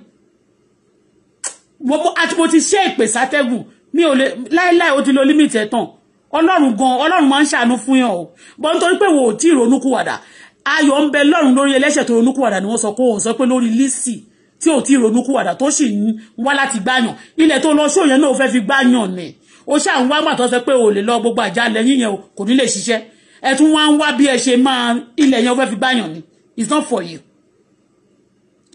mo àti mo ti ṣe ìpè sátẹ́gùn mi ò lè láéláé o ti lo límìtì ẹ̀ tán ọlọ́run gan ọlọ́run máa ń ṣàánú fún yàn o bọ́ nítorí pé wo ò tí ì kúwàdà ayọ̀ ń bẹ lọ́rùn lórí ẹlẹ́ṣẹ̀ tó ronúkúwàdà ni wọ́n sọ kó o sọ pé lórí lísì tí ò tí ronúkúwàdà tó sì ń wá láti gbáyàn ilẹ̀ tó lọ sóòyàn náà ó fẹ́ fi gbáyàn ni ó ṣáà ń wá mà tó sọ pé o lè lọ gbogbo àjálẹ̀ yíyan o kò ní lè ṣiṣẹ́ ẹ tún wá ń wá bí ẹ ṣe máa ilẹ̀ yẹn ó fẹ́ fi gbáyàn ni it's not for you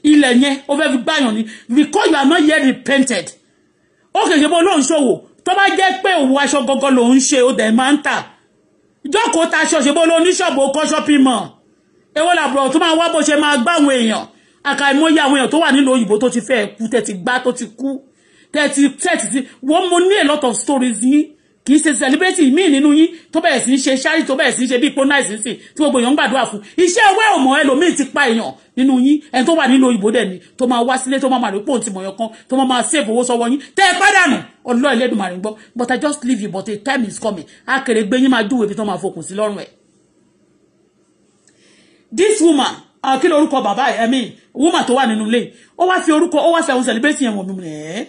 ilẹ̀ yẹn ó fẹ́ fi gbáyàn ni because you are not yet repented ó kèké bó lóun ṣòwò tó bá jẹ́ pé òun aṣọ gọ́gọ́ lòun ṣe ó dẹ̀ máa ń tà jókòó ta aṣọ ṣe bó lóun ní ṣọ́ọ̀bù ó kọ́ ṣọ́pì mọ́ èwo làbúrò tó máa wá bó ṣe máa gbá àwọn èèyàn àkàìmọye àwọn èèyàn tó wà nílùú òyìnbó tó ti fẹ́ kú tẹ́tí gbá tó ti kú tẹ́tí tẹ́tí tí wọ́n mo ní a lot of stories yín kì í ṣe celebrity míì nínú yín tó bẹ̀rẹ̀ sí í ṣe ṣáàrì tó bẹ̀rẹ̀ sí í ṣe bí pọ́nà ìsinsìn tí gbogbo èèyàn ń gbàdúrà fún iṣẹ́ ẹwẹ́ òmò ẹlòmíì ti pa èèyàn nínú yín ẹni tó wà nílùú òyìnbó dẹ̀ ni tó máa wá sílé tó máa màrí pòun ti mọ̀yàn kan tó máa máa sèbò owó sọ́wọ́ yín tẹ́ ẹ pàdánù ọlọ́ọ̀lẹ́dùnmarìn gbọ́ but I just leave you but a time is coming akèrègbè yín máa júwèé bí tó máa fokùn sí lọ́rùn ẹ̀ this woman ah, kí ló orúkọ bàbá ẹ̀ mi woman tó wà nínú ilé ó wá fi orúkọ ó wá fi àwọn celebrate yẹn wọ̀ mí rẹ̀ eh?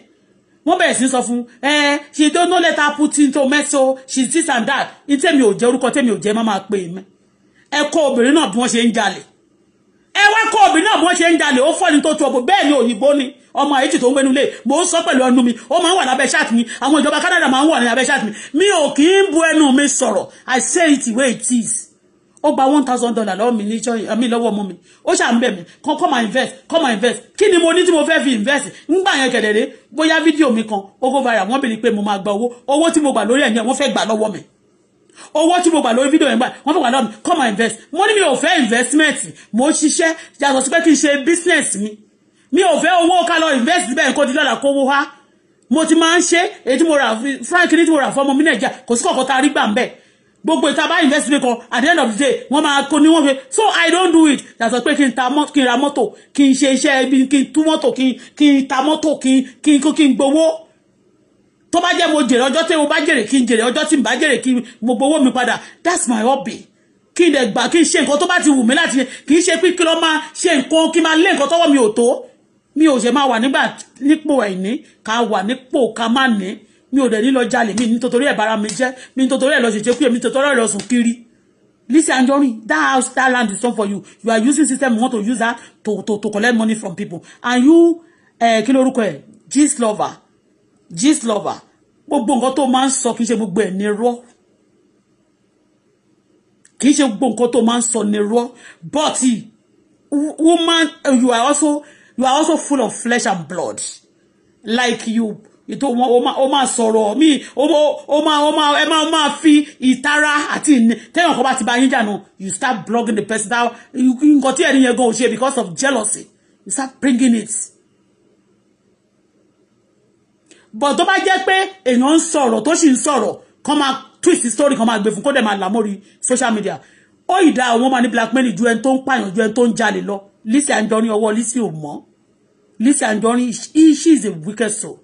wọ́n bẹ̀rẹ̀ sí sọ fún ẹ eh, she don't know let her put into meso she this and that In tèmi ò jẹ́ orúkọ tèmi ò jẹ́ má máa pè mí ẹ kọ́ obìnrin náà bí wọ́n ṣe ń jalè ẹ wá kọ́ obìnrin náà bí wọ́n ṣe ń jalè ó fọ́ni tó tu ọ̀bọ̀ bẹ́ẹ̀ ni òyìnbó ni ọmọ àyíjì tó ń gbénú lé mo ń sọ pẹ̀lú ẹnu mi ó máa ń wà lábẹ́ ṣáàtì mi àwọn ìjọba Canada máa ń wà lábẹ́ ṣáàtì mi mi ò kì í bu ẹnu mi sọ̀rọ̀ I say it the way it is ó gba one thousand dollar lọ́wọ́ mi níjọ́ àmì lọ́wọ́ ọmọ mi ó ṣà ń bẹ̀ mí kan come and invest come and invest kí ni mo ní tí mo fẹ́ fi invest ńgbà yẹn kẹ̀dẹ̀rẹ́ bóyá fídíò mi kan ó go viral wọ́n bèrè pé mo máa gba owó owó tí mo gbà lórí ẹ̀yìn wọ́n fẹ́ gbà lọ́wọ́ mi owó tí mo gbà lórí fídíò yẹn gbà wọ́n fẹ́ gbà lọ́wọ́ mi come and invest mo ní mi ò fẹ́ investment mo ṣiṣẹ́ yàtọ̀ sí pé kí n ṣe business mi mi ò fẹ́ owó ká lọ invest bẹ́ẹ̀ kó di lọ́la kówó wá mo ti máa ń ṣe èyí tí mo rà frank ní tí mo rà fọmọ mi nàìjíríà kò sí kọ̀ọ̀kan tá a rí gbà ń bẹ́ẹ̀ gbogbo ìta bá invest mi kan at the end of the day wọ́n máa kó ní wọ́n fi so i don't do it yàtọ̀ pé kí n ta kí n ra mọ́tò kí n ṣe iṣẹ́ ibi kí n tú mọ́tò kí n ta mọ́tò kí n kí n gbowó tó bá jẹ́ mo jèrè ọjọ́ tí mo bá jèrè kí n jèrè ọjọ́ tí mo bá jèrè kí mo gbowó mi padà that's my hobby kí n dẹ̀ gbà kí n ṣe nǹkan tó bá ti wù mí láti ṣe kì í ṣe pé kí ló máa ṣe nǹkan kí n máa lé nǹkan tọ́wọ́ mi ò tó mi ò ṣe máa wà nígbà nípò ẹ̀ní ká wà nípò ká má ní mi ò dẹ̀ ní lọ jalè mi nítorí ẹ̀ bára mi jẹ́ mi nítorí ẹ̀ lọ ṣèṣe kú èmi nítorí ẹ̀ lọ sùn kiri Lizzy Anjorin that house that land is not for you you are using system you want to use that to to to collect money from people and you eh, kí lorúkọ ẹ gist lover gist lover gbogbo nǹkan tó máa ń sọ kì í ṣe gbogbo ẹ̀ ní rọ́ kì í ṣe gbogbo nǹkan tó máa ń sọ ní rọ́ but woman you are also you are also full of flesh and blood like you ètò wọn ó máa sọ̀rọ̀ mí ó máa ó máa ẹ máa máa fi ìtara àti tẹ́yàn kan bá ti ba yín jà nù you start blogging the person down nǹkan tí ẹni yẹn gan ò ṣe because of jealousy you start bringing it. but tó bá jẹ́ pé èèyàn ń sọ̀rọ̀ tó sì ń sọ̀rọ̀ kan máa twist story kan máa gbé fún kó dẹ̀ máa là mórí social media ó ìdá àwọn máa ní blackmail ju ẹni tó ń pààyàn ju ẹni tó ń jalè lọ Lizzy Anjorin ọwọ́ Lizzy ò mọ́ Lizzy Anjorin she is a wicked soul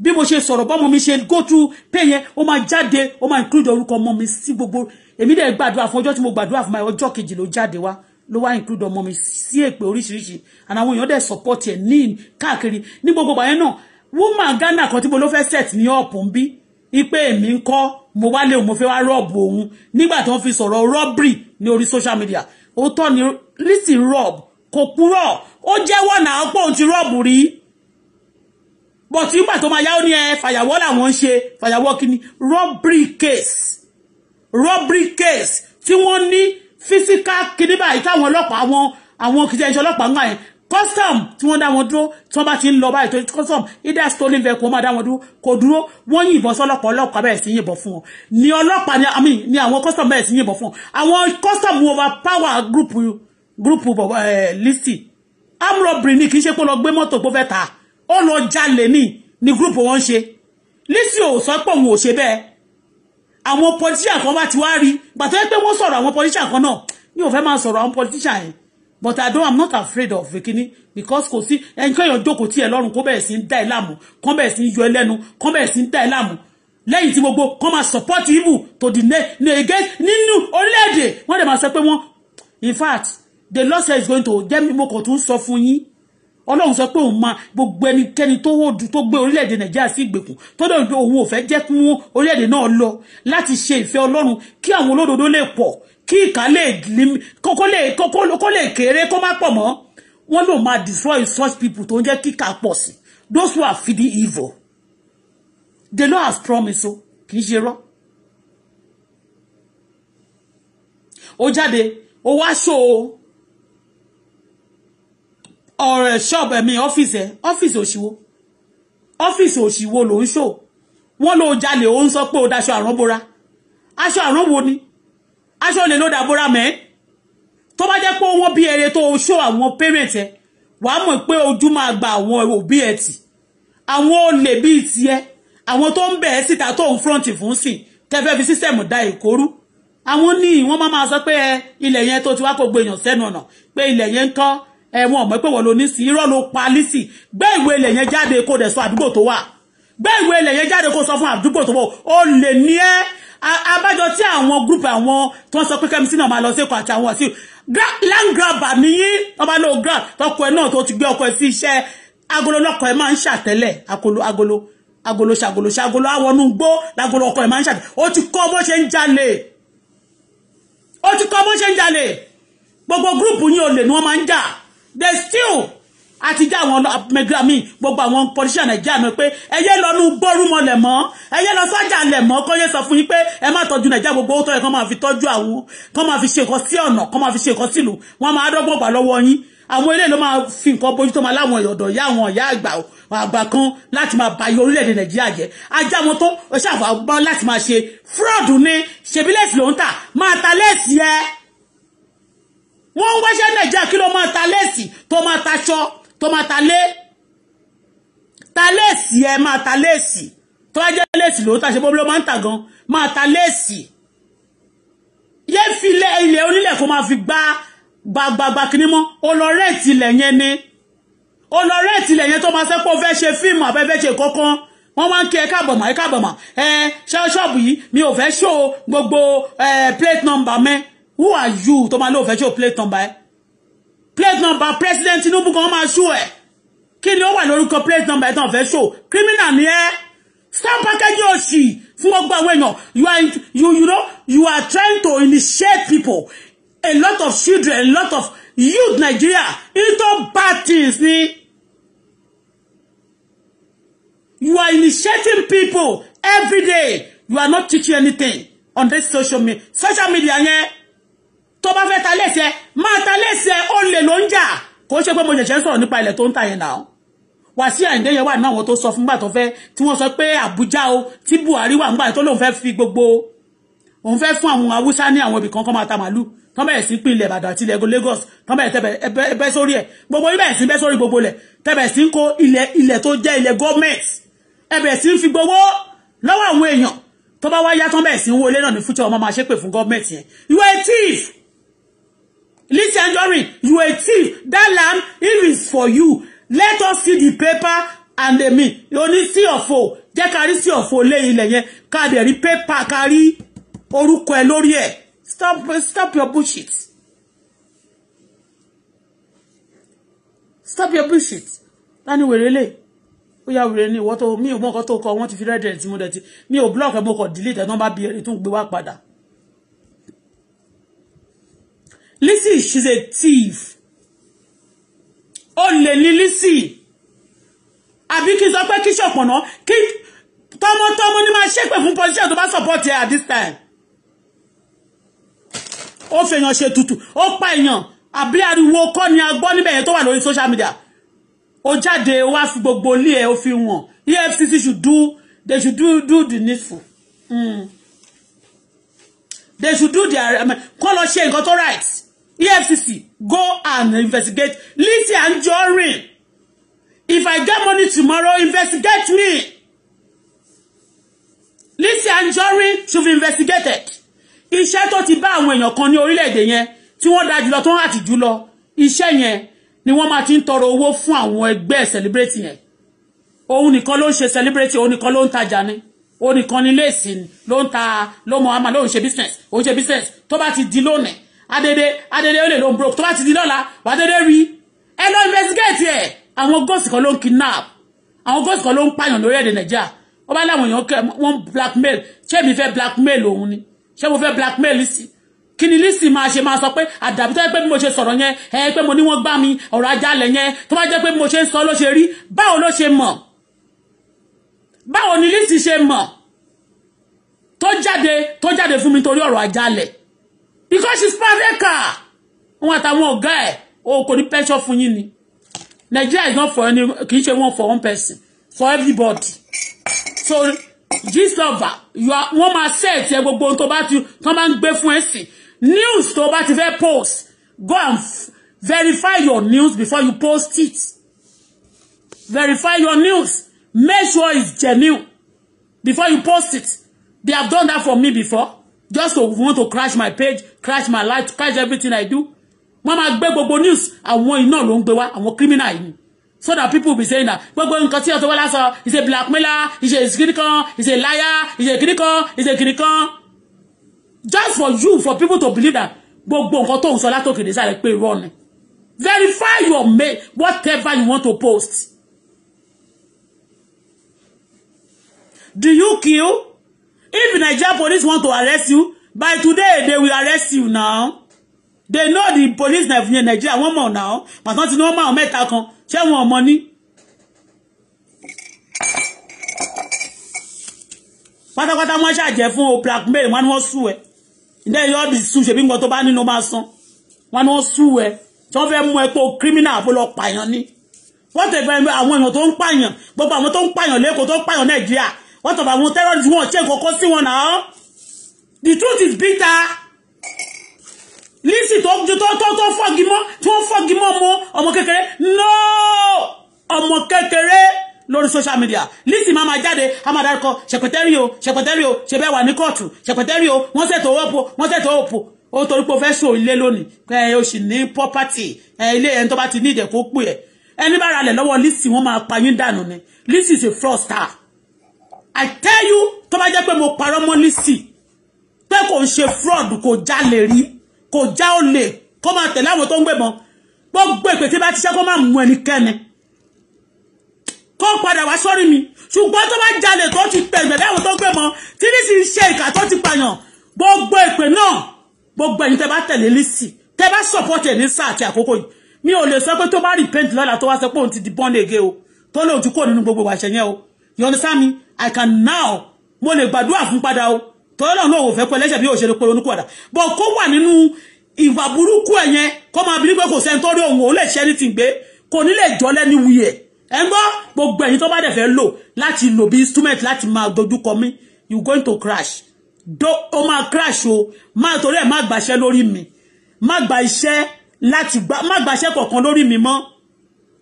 bí mo ṣe sọ̀rọ̀ bọ́mọ mi ṣe go through pain yẹn ó máa jáde ó máa include orúkọ ọmọ mi sí gbogbo èmi dẹ̀ gbàdúrà fún ọjọ́ tí mo gbàdúrà fún mi ọjọ́ kejì ló jáde wá ló wá include ọmọ mi sí èpè oríṣiríṣi and àwọn èèyàn dẹ̀ support ẹ̀ ní káàkiri ní gbogbo bàyẹn náà woman Ghana kan tí mo ló fẹ́ set ní ọ̀pọ̀ ń bí ipe èmi ń kọ́ mo wá léwu mo fẹ́ wá rọ́ọ̀bù òun nígbà tí wọ́n fi sọ̀rọ̀ robbery ní orí social media òótọ́ ni listen rob kò purọ́ ó jẹ́wọ́ náà pé òun ti rọ́ọ̀bù rí but nígbà tó máa yá ó ní ẹ fàyàwọ́ làwọn ń ṣe fàyàwọ́ kí robbery case robbery case tí wọ́n ní physical kìíní báyìí táwọn ọlọ́pàá àwọn àwọn kìíní ẹ̀ṣọ́ ọlọ́pàá ń gbà yẹn custom tí wọ́n dá wọn dúró tí wọ́n bá ti ń lọ báyìí tó custom either stolen vehicle wọ́n máa dá wọn dúró kò dúró wọ́n yìnbọn sọ́lọ́pàá ọlọ́pàá bẹ̀rẹ̀ sí yìnbọn fún wọn ni ọlọ́pàá ni àmì ni àwọn custom bẹ̀rẹ̀ sí yìnbọn fún wọn àwọn custom over power group group uh, eh, listi arm robbery ni kì í ṣe pé lọ gbé mọ́tò gbó fẹ́ ta ó lọ jalè ní ní gúrùpù wọn ṣe Lizzy ò sọ pé òun ò ṣe bẹ́ẹ̀ àwọn politician kan bá ti wá rí gbàtọ́ pé wọ́n sọ̀rọ̀ àwọn politician kan náà ní òfẹ́ máa sọ̀rọ̀ àwọn politician yẹn but I don't I'm not afraid of kini because kò sí ẹni kí èèyàn jókòó tí ẹ lọ́rùn kó bẹ̀rẹ̀ sí ń dá ẹ láàmú kán bẹ̀rẹ̀ sí ń yọ ẹ lẹ́nu kán bẹ̀rẹ̀ sí ń dá ẹ láàmú lẹ́yìn tí gbogbo kán máa support evil to the negate nínú orílẹ̀-èdè wọ́n dẹ̀ máa sọ pé wọ́n in fact the law is going to jẹ́ mímọ́ kan tó ń sọ fún yín ọlọ́run sọ pé òun máa gbogbo ẹnikẹ́ni tó wò tó gbé orílẹ̀-èdè nàìjíríà sí ìgbèkùn tó dẹ̀ òun ò fẹ́ jẹ́ kí wọ́n orílẹ̀-èdè náà lọ láti ṣe ìfẹ́ ọlọ́run kí àwọn olódodo lè pọ̀ kí ìka lè kókó lè kéré kó má pọ̀ mọ́ wọ́n ló máa destroy such people tó ń jẹ́ kíkà pọ̀ sí those who are feeding evil the Lord has promised o kì í ṣe rọ́ ó jáde ó wá ṣó o ọ̀rẹ́ ṣọ́ọ̀bù ẹ̀mí ọ́fíìsì ẹ̀ ọ́fíìsì òṣìwò ọ́fíìsì òṣìwò ló ń ṣò wọ́n ló jalè ó ń sọ pé ó daṣọ àrùn bora aṣọ àrùn wo ni aṣọ lè ló dàbora mẹ́ tó bá jẹ́ pé wọ́n bí eré tó ṣó àwọn parent ẹ̀ wàá mọ̀ pé ojú máa gba àwọn òbí ẹ̀ tì àwọn olè bíi tiẹ̀ àwọn tó ń bẹ̀ ẹ́ síta tó ń front fún sìn tẹ́fẹ́ fi sísẹ̀mù da ìkórú àwọn ní wọ́n máa máa sọ pé ilẹ̀ yẹn tó ti wá kó gbèyàn sẹ́nu ọ̀nà pé ilẹ̀ yẹn ń tọ́ ẹ̀wọ̀n ọ̀mọ́ pé wọ́n lo ní sí irọ́ ló pa Lizzy gbé ìwé ilẹ̀ yẹn jáde kó dẹ̀ sọ àdúgbò tó wà gbé ìwé ilẹ̀ yẹn jáde kó sọ fún àdúgbò tó wà ó lè ní ẹ́ abájọ tí àwọn gúrùpù àwọn tó ń sọ pé kẹ́mi náà máa lọ sí ẹ̀kọ́ àti àwọn ọ̀sìn land grabber nìyí ọba ló grab tọkọ ẹ náà tó ti gbé ọkọ ẹ sí iṣẹ́ agolo lọkọ ẹ máa ń ṣàtẹ́lẹ̀ agolo agolo agolo ṣagolo ṣagolo awọnú gbó lagolo ọkọ ẹ máa ń ṣàtẹ ó ti kọ́ bó ṣe ń jalè ó ti kọ́ bó ṣe ń jalè gbogbo gúrùpù yìí olè ni wọ́n máa ń jà they still àtijọ́ àwọn mẹgbẹ́ mi gbogbo àwọn pọlíṣà nàìjíríà mi pé ẹyẹ lọ́nu bọ́rúmọ lẹ̀ mọ́ ẹyẹ lọ sọ́jà lẹ̀ mọ́ kọ́ yẹ sọ fún yín pé ẹ má tọ́jú nàìjíríà gbogbo owó tó yẹ kán máa fi tọ́jú àwọn kán máa fi ṣe nǹkan sí ọ̀nà kán máa fi ṣe nǹkan sílùú wọ́n máa dọ́gbọ̀n gbà lọ́wọ́ yín àwọn eléyìí ló máa fi nǹkan bójú tó máa láwọn ọ̀dọ̀ ìyá àwọn ìyá àgbà àgbà kan láti máa ba iye orílẹ̀-èdè nàìjíríà jẹ́ ajá wọn tó ṣàfàbọ́ láti máa ṣe fúrọ́ọ̀dù ni ṣèbí lẹ́sì ló ń tà máa ta lẹ́sì ẹ́ wọ́n ń wáṣẹ́ nàìjíríà kí ló máa ta léèsì tó máa taṣọ tó máa ta lé ta léèsì ẹ máa ta léèsì tó bá jẹ́ léèsì ló ta ṣe bó ló máa ń tà gan máa ta léèsì yé fi ilẹ̀ onílẹ̀ kó máa fi gbá gbagbagba kìíní mọ́ ó lọ rẹ́ẹ̀tì ilẹ̀ yẹn ni ó lọ rẹ́ẹ̀tì ilẹ̀ yẹn tó máa sẹ́pọ̀ fẹ́ ṣe fíìmù àbẹ́fẹ́ ṣe kọ́kọ́ wọ́n máa ń kí ẹ káàbọ̀ ẹ káàbọ̀ ẹ ṣọ́ọ̀ṣọ́ọ̀bù yìí mi ò fẹ́ ṣó gbogbo plate number mẹ́ who are you tó máa lóò fẹ́ ṣó plate number plate number president Tinubu kan máa ṣó ẹ kí ni ó wà lórúkọ plate number ẹ tán fẹ́ criminal ni ẹ stamp package òsì fún gbogbo àwọn èèyàn you are you you know you are trying to initiate people a lot of children a lot of youth Nigeria into bad things ni you are initiating people every day you are not teaching anything on this social media social media Yeah? tó bá fẹ́ ta léèsì ẹ máa ta léèsì ẹ ó lè ló ń jà kò ṣe pé mo ṣẹ̀ṣẹ̀ sọ̀rọ̀ nípa ilẹ̀ tó ń ta yẹn náà Wàsíù Àyìndé yẹn wà ní àwọn tó sọ fúngbà tó fẹ́ tí wọ́n sọ pé Àbújá o tí Buhari wà ńgbà tó lóun fẹ́ fi gbogbo òun fẹ́ fún àwọn Haúsá ní àwọn ibì kan kọ́ máa ta màálù tán bẹ̀rẹ̀ sí pín ilẹ̀ Ìbàdàn àti ilẹ̀ ẹ̀gọ́ Lagos tán bẹ̀rẹ̀ tẹ́bẹ̀ ẹbẹ́ sórí ẹ̀ gbogbo ibẹ̀ sí bẹ́ sórí gbogbo ilẹ̀ tẹ́bẹ̀ sí ń kó ilẹ̀ ilẹ̀ tó jẹ́ ilẹ̀ gọ́ọ̀mẹ̀t ẹbẹ̀ sí ń fi gbogbo lọ́wọ́ àwọn èèyàn tó bá wá yá tán bẹ̀rẹ̀ sí ń wọlé náà ní fúnṣẹ́ ọmọ máa ṣépè fún gọ́ọ̀mẹ̀t yẹn you are Lizzy Anjorin, you a thief. That lamb. it is for you. Let us see the paper and the me. You only see your phone. Jẹ́ ká rí sí ọ̀fọ̀ lé ilẹ̀ yẹn. Ká dẹ̀ rí pépà ká rí Stop stop your bullshit. Stop your bullshit. Tani wèrè lè. Ó yá wèrè ni ìwọ́ tó mi ò mọ̀ nǹkan tó kọ wọ́n ti fi rẹ́dẹ̀ẹ́dì mo dẹ̀ ti mi ò búlọ̀kì ẹ̀ mo kọ̀ dìlítẹ̀ tó ń bá bí ẹni tó ń gbé wá padà. Lizzy she's a thief olè ni Lizzy àbí kí n sọ pé kí ṣọ̀pọ̀nà kí tọmọtọmọ ni máa ṣépè fún pọlíṣẹ́ tó bá support ẹ at this time ó fèèyàn ṣe tutù ó pa èèyàn àbí ariwo kọ́ ni a gbọ́ níbẹ̀ yẹn tó wà lórí social media ó jáde ó wá fi gbogbo ilé ẹ̀ ó fi wọ̀n EFCC should do they should do do the needful Hmm. they should do their I mean, kọ́ lọ ṣe got all rights. EFCC go and investigate Lizzy Anjorin if I get money tomorrow investigate me Lizzy Anjorin should be investigated iṣẹ́ tó ti bá àwọn èèyàn kan ní orílẹ̀-èdè yẹn tí wọ́n dájú lọ tó ń àtìjú lọ iṣẹ́ yẹn ni wọ́n máa ti ń tọrọ owó fún àwọn ẹgbẹ́ celebrate yẹn òun nìkan ló ń ṣe celebrate òun nìkan ló ń tajà ni òun nìkan ni léèsì ló ń ta ló mọ àmà lóun ṣe business òun ṣe business tó bá ti di lónìí adede adede ó lè ló broke tó bá ti di lọ́la wà á dédé rí ẹ investigate ẹ àwọn gọ́ọ̀sì kan ló ń kidnap àwọn gọ́ọ̀sì kan ló ń pààyàn lórí èdè nàìjíríà ó bá láwọn èèyàn kẹ wọ́n blackmail ṣé mi fẹ́ blackmail òun ni ṣé mo fẹ́ blackmail sí Kini ni ma máa ma máa sọ pé àdàbí tó yẹ pé bí mo ṣe sọ̀rọ̀ yẹn ẹ pé mo ní wọ́n gbá mi ọ̀rọ̀ ajálẹ̀ yẹn tó bá jẹ́ pé bí mo ṣe ń sọ ló ṣe rí báwo ló ṣe mọ̀ ni Lizzy ṣe mọ̀ tó jáde tó jáde fún mi torí ọ̀rọ̀ ajálẹ̀ because she's pareka wọn àtàwọn ọ̀gá ẹ̀ o kò ní pension fún yín ni Nigeria is not for any kì í ṣe one for one person for everybody so this lover you are wọn máa set ẹ gbogbo ohun tó bá ti tó máa ń gbé fún ẹ sí news tó bá ti fẹ́ post go and verify your news before you post it verify your news make sure it's genuine before you post it they have done that for me before just to want to crash my page crash my life crash everything I do wọ́n máa gbé gbogbo news àwọn iná ló ń gbé wá àwọn criminal yìí so that people be saying that gbogbo nǹkan tí Auto Bola sọ is a blackmailer is a kirikan is a liar is a kirikan is a kirikan just for you for people to believe that gbogbo nǹkan tó ń sọ látòkè dé sáré pé irọ́ ni verify your mail whatever you want to post do you kill if Nigeria police want to arrest you by today they will arrest you now they know the police nàìjíríà nàìjíríà wọ́n mọ̀ náà pàtó tí wọ́n mọ̀ àwọn mẹ́ta kan ṣé wọn ò mọ̀ ni. pátápátá wọ́n ṣàjẹ́ fún o blackmail wọ́n ni wọ́n sú ẹ ilé yọ bí sú ṣèbí nǹkan tó bá nínú máa san wọ́n ni wọ́n sú ẹ tí wọ́n fẹ́ mú ẹ pé o criminal àbó lọ pààyàn ni wọ́n tẹ pioneer, àwọn èèyàn tó ń pààyàn gbogbo àwọn tó ń pààyàn lẹ́kọ̀ọ́ tó ń pààyàn nàìjíríà one tọ̀ the truth is bitter lisi tó tó tó tó fọ́gi mọ́ tí wọ́n fọ́gi mo. mọ́ ọmọ kékeré no ọmọ kékeré lórí social media lisi máa máa jáde a máa dárúkọ ṣèpẹtẹ́rì o ṣèpẹtẹ́rì o ṣe bẹ́ẹ̀ wà ní kóòtù ṣèpẹtẹ́rì o wọ́n ṣètò ọ̀pọ̀ wọ́n ṣètò ọ̀pọ̀ ó torí pé o fẹ́ sọ ilé lónìí ẹ o sì ní property ẹ ilé ẹni tó bá ti ní ìdẹ̀kọ́ pè ẹ ẹni bá ra lẹ̀ lọ́wọ́ lisi wọ́n máa pa yín dànù ni lisi is a fraudster I tell you tó bá pé mo parọ́ mọ́ lisi pé kò ń ṣe fraud kò jalè rí kò já olè kó máa tẹ̀lé àwọn tó ń gbébọn gbogbo ìpè tí bá ti ṣe kó máa mú ẹnikẹ́ni kó padà wá sórí mi ṣùgbọ́n tó bá jalè tó ti tẹ̀lé àwọn tó ń gbébọn tí ní sì ń ṣe ìkà tó ti pààyàn gbogbo ìpè náà gbogbo ẹ̀yin tẹ́ bá tẹ̀lé lísì tẹ́ bá support ẹ̀ ní sáà àti àkókò yìí mi ò lè sọ pé tó bá repent lọ́la tó wá sọ pé òun ti di born again o tó lóun ti kúrò nínú gbogbo ìwàṣẹ yẹn o you understand I can now mo lè gbàdúrà fún padà o tọ́lọ̀ náà ò fẹ́ pẹ́ lẹ́sẹ̀ bí òṣèré pé ronú padà bọ̀ kó wà nínú ìwà burúkú ẹ̀ yẹn kó máa bí pé kò sẹ́ni tó rí òun ò lè ṣe ní ti gbé kò ní lè jọ́ lẹ́ni wuyẹ̀ ẹ̀ ń gbọ́ gbogbo ẹ̀yin tó bá dẹ̀ fẹ́ lò láti lò bí instrument láti máa dojú kọ mí you going to crash do o máa crash o máa torí ẹ̀ má gbàṣẹ́ lórí mi má gba iṣẹ́ láti gba má gba iṣẹ́ kọ̀ọ̀kan lórí mi mọ́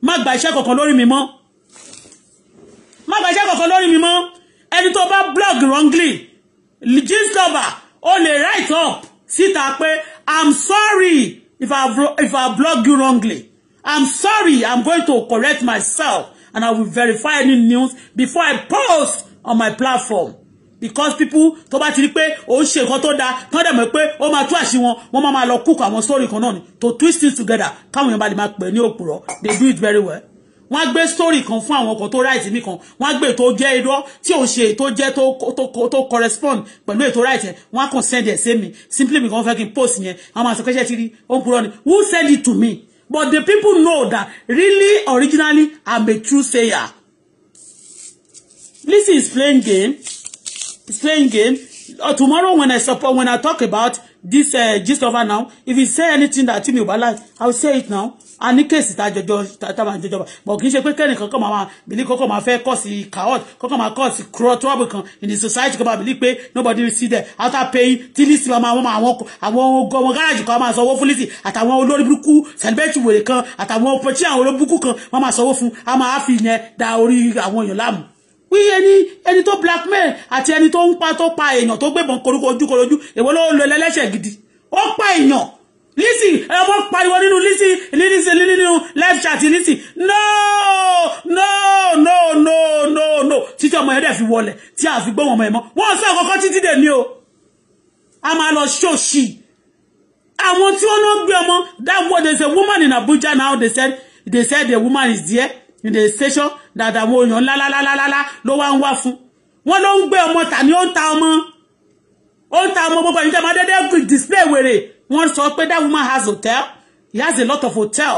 má gba iṣẹ́ kọ̀ọ̀kan lórí mi mọ́ má gba iṣẹ́ kọ̀ọ̀kan lórí mi mọ́ ẹni tó bá blog wrongly gist lover o lè write up síta pé i'm sorry if i if i blog you wrongly i'm sorry i'm going to correct myself and i will verify any news before i post on my platform because people tó bá ti rí pé ó ń ṣe nǹkan tó dáa kán dẹ̀ mọ̀ pé ó máa tú àṣì wọ́n máa máa lọ kúkú àwọn sórí kan náà ni to twist things together káwọn èèyàn bá lè máa pè ní òpùrọ̀ they do it very well wọ́n á gbé story kan fún àwọn kan tó right mi kan wọ́n á gbé tó jẹ́ irọ́ tí ò ṣe tó jẹ́ tó correspond pẹ̀lú ètò right yẹn wọ́n á kàn send ẹ̀ sí mi simply mi kan fẹ́ kí n post yẹn àwọn àṣekẹ́ṣẹ́ ti rí ó ń kúrọ́ ni who send it to me but the people know that really originally I'm a true sayer Lizzy is playing game is playing game uh, tomorrow when I support when I talk about this uh, gist over now if he say anything that mi ò bá like i will say it now a ní kéèsì tá jọjọ tá máa jọjọ bọ̀ kì í ṣe pé kẹ́ni kankan máa bìlí kankan máa fẹ́ cause chaos kankan máa cause trouble kan in the society kan máa bìlí pé nobody will see there. after paying tí lísì máa máa àwọn àwọn ọmọ gáràjì kan máa sanwó fún lísì àtàwọn olórí burúkú celebrate wèrè kan àtàwọn ọpọtí àwọn olóbùkú kan wọ́n máa sanwó fún a máa fi yẹn da orí àwọn èèyàn láàmú pé ẹni ẹni tó blackmail àti ẹni tó ń pa tó pa èèyàn tó gbébọn korúkọ ojúkorojú èwo ló lo ẹlẹ́ṣẹ̀ gidi ó pa èèyàn lisi ẹ̀wọ́n pariwo nínú lisi lisi nínú live chat lisi no no no no no no títí ọmọ yẹn dẹ̀ fi wọlẹ̀ tí a fi gbọ́ wọn ọmọ yẹn mọ́ wọ́n sọ àkọ́kọ́ títí dè ní o a máa lọ ṣòṣì àwọn tí wọ́n lọ gbé ọmọ that was a woman in Abuja now they said they said the woman is there in the station that àwọn èèyàn lálálálálá ló wá ń wá fún wọn ló ń gbé ọmọ tà ní ó ń ta ọmọ ó ń ta ọmọ gbogbo ẹ̀yìn tẹ́ máa dédé display wèrè wọ́n sọ pé that woman has hotel he has a lot of hotel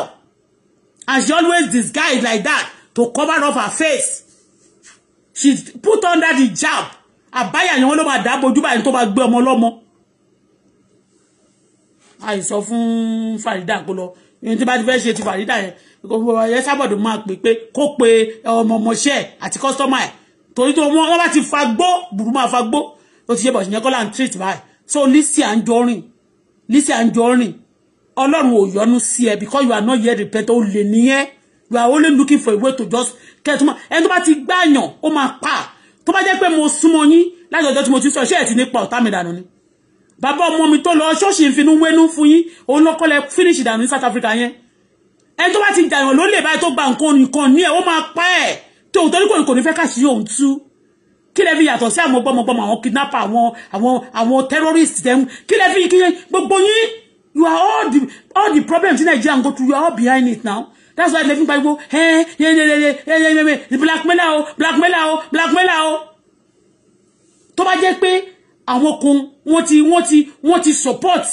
and she always disguise like that to cover up her face she put under the jab àbáyà yẹn wọn ló máa dáàbò ojú báyìí tó bá gbé ọmọ lọ́mọ àìsọ fún Farida àpò lọ ní tí bá ti fẹ́ ṣe ti Farida yẹn gbogbo ẹ̀yẹ sábọ̀dọ̀ máa pè pé kó pe ọmọ ọmọọṣẹ́ ẹ̀ àti kọ́sítọ́mà ẹ̀ torí tó wọ́n wọ́n bá ti fa gbó burú máa fa gbó ó ti ṣe bọ̀ ṣìyẹn kọ́lá ń treat báyìí so Lizzy Anjorin Lizzy Anjorin ọlọ́run ò yọnu sí ẹ because you are not yet repent ó lè nìyẹn you are only looking for a way to just kẹtùmọ̀ ẹni tó bá ti gbáàyàn ó máa pa tó bá jẹ́ pé mo súnmọ́ yín láti ọjọ́ tí mo ti sọ iṣẹ́ ẹ̀ ti nípa ọ̀tá mi dànù ni Baba, ọmọ mi tó lọ ṣọ́ọ̀ṣì ń finú wénú fún yín òun lọ́kọ́ finish dànù ní South Africa yẹn ẹni tó bá ti jàyàn ló lè báyìí tó gba nǹkan nìkan ní ẹ̀ ó máa pa ẹ̀ tó òun torí kò ní fẹ́ kàṣí òun tú kí lẹ fi yàtọ̀ sí àwọn gbọmọgbọmọ àwọn kidnapper àwọn àwọn àwọn terrorists dem kí lẹ fi kí gbogbo yín you are all the all the problems in Nigeria go through you are all behind it now that's why lẹ́fí gbàgbó ẹ́ẹ́ blackmailer o blackmailer o blackmailer o tó bá jẹ́ pé àwọn kan wọ́n ti wọ́n ti wọ́n ti support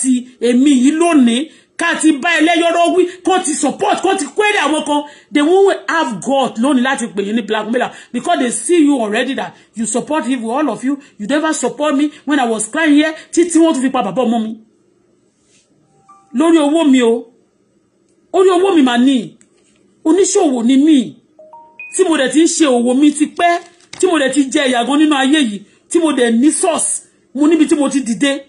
èmi yìí lónìí ká ti bá ẹlẹ́yọ̀rọ̀ wí kó ti support kó ti query àwọn kan they won't have God lónìí láti pè yín ní blackmailer because they see you already that you support him all of you you never support me when I was crying here títí wọ́n tún fi pa bàbá ọmọ mi lórí owó mi o orí owó mi mà ní oníṣòwò ni mí tí mo dẹ̀ ti ń ṣe òwò mi ti pẹ́ tí mo dẹ̀ ti jẹ ìyàgàn nínú ayé yìí tí mo dẹ̀ ní source mo níbi tí mo ti dìde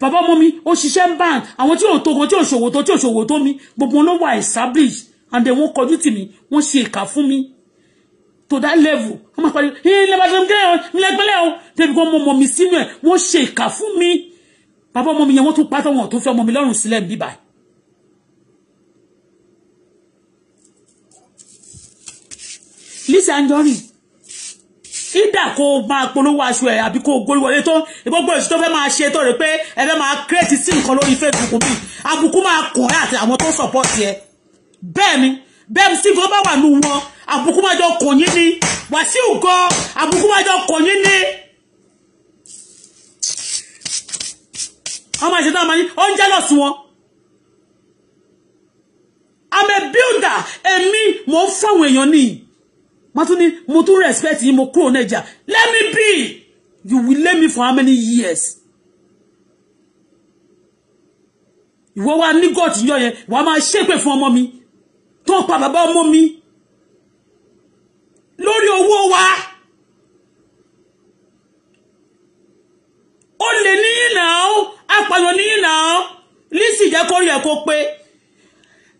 bàbá ọmọ mi ó ṣiṣẹ́ ń bank àwọn tí ò tó kan tí ò ṣòwò tó tí ò ṣòwò tó mi gbogbo wọn ló wà established and then wọ́n kọjú tì mí wọ́n ṣe ìkà fún mi to that level wọ́n máa parí ẹ̀ lẹ́bàá ṣe ń kẹ́lẹ́ o nílẹ̀ pẹ́lẹ́ o débi kan mo mọ̀ mí sínú ẹ̀ wọ́n ṣe ìkà fún mi bàbá ọmọ mi yẹn wọ́n tún pátá wọn ò tún fẹ́ ọmọ lọ́rùn sílẹ̀ bíbá ẹ̀. Lizzy Anjorin ṣídà kó máa polówó aṣọ ẹ̀ àbí kó gbóríwọ ẹ tó gbogbo èsì tó fẹ́ máa ṣe tó rẹ pé ẹ fẹ́ máa kírètì sí nǹkan lórí Facebook mi àbùkù máa kàn ẹ́ àti àwọn tó sọ̀pọ̀tì ẹ bẹ́ẹ̀ ni bẹ́ẹ̀ sí nǹkan bá wà nù wọn àbùkù máa jọ kàn yín ni Wàsíù gan àbùkù máa jọ kàn yín ni. ọmọ ìṣẹ̀dá ọmọ ó ń jẹ́ lọ́sùn wọn. I'm a builder èmi mò ń fáwọn èèyàn nìyí mo tún ní mo tún respect yín mo kuro nàìjíríà let me be you will let me for how many years ìwọ wa ni god yọ yẹn ma máa ṣépè fún ọmọ mi tó pa bàbá ọmọ mi lórí owó wa ó lè now, náà apàyàn níyìn náà lísì jẹ́ kó rí ẹ̀ kó pé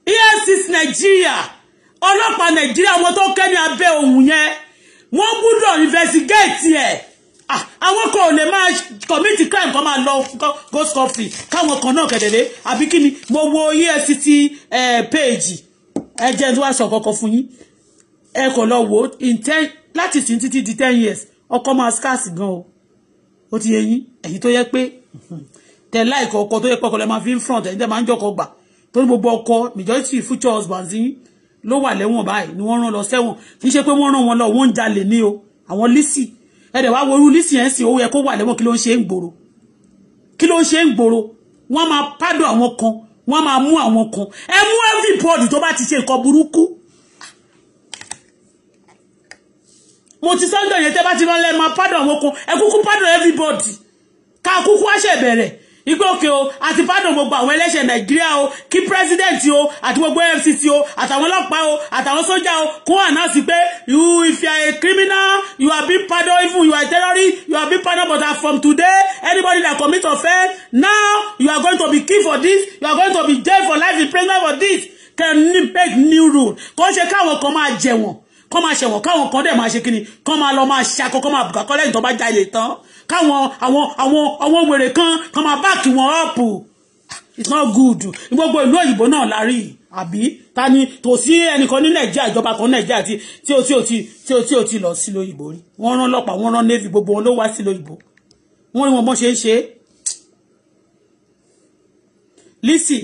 efcc nàìjíríà ọlọ́pàá nàìjíríà wọn tó kẹ́ ní abẹ́ òun yẹn wọ́n gbúdọ̀ investigate ẹ̀ àwọn kan ò lè máa commit crime kan máa lọ ghost coffee káwọn kan náà kẹ̀dẹ̀dẹ̀ àbí kí ni mo wo EFCC eh, page ẹ jẹ́ tí wàá sọ kankan fún yín ẹ kò lọ wò láti sìn títí di ten years ọkọ máa scarce gan o ó ti yẹ yín èyí tó yẹ pé tẹ láìkọ ọkọ tó yẹ pé ọkọ lẹ máa fi ń front ẹ̀yin tẹ máa ń jọkọ gbà torí gbogbo ọkọ majority future husbands yín ló wà lẹ́wọ̀n báyìí ni wọ́n rán lọ sẹ́wọ̀n kì í ṣe pé wọ́n rán wọn lọ wọ́n ń jalè ní o àwọn lísì ẹ̀dẹ̀ wá worú lísì yẹn sì ó yẹ kó wà lẹ́wọ̀n kí ló ń ṣe ń gbòòrò kí ló ń ṣe ń gbòòrò wọ́n máa pádùn àwọn kan wọ́n máa mú àwọn kan ẹ mú everybody tó bá ti ṣe nǹkan burúkú mo ti sọ́ńdọ̀ yẹn tẹ́ bá ti rán lẹ́nu máa pádùn àwọn kan ẹ kúkú pádùn everybody ká kúkú wá ṣẹ̀ bẹ̀rẹ̀ igbó òkè o àti pardon gbogbo àwọn ẹlẹ́ṣẹ̀ nàìjíríà o kí president o àti gbogbo efcc o àtàwọn ọlọ́pàá o àtàwọn sójà o kó ànáàsì pé you if you are a criminal you are being pardoned even you are a terrorist you are being pardoned but from today anybody that commit offence now you are going to be killed for this you are going to be jailed for life in prison for this can make new rule kò ń ṣe káwọn kan máa jẹ̀wọ̀n kọ́ máa ṣẹ̀wọ̀n káwọn kan dẹ̀ máa ṣe kíni kọ́ máa lọ máa ṣakọ kọ́ máa bùkà kọ́ lẹ́yìn tó bá jalè tán káwọn àwọn àwọn àwọn wèrè kan kan máa báàkì wọn ọ̀pù it's not good gbogbo ìlú òyìnbó náà la rí àbí ta ni kò sí ẹnìkan ní nàìjíríà ìjọba kan nàìjíríà tí tí o tí o tí tí o tí o ti lọ sí lóyìnbó rí wọ́n rán ọlọ́pàá wọ́n rán navy gbogbo wọn ló wá sí lóyìnbó wọ́n rí wọn bọ́n ṣe ń ṣe é lisi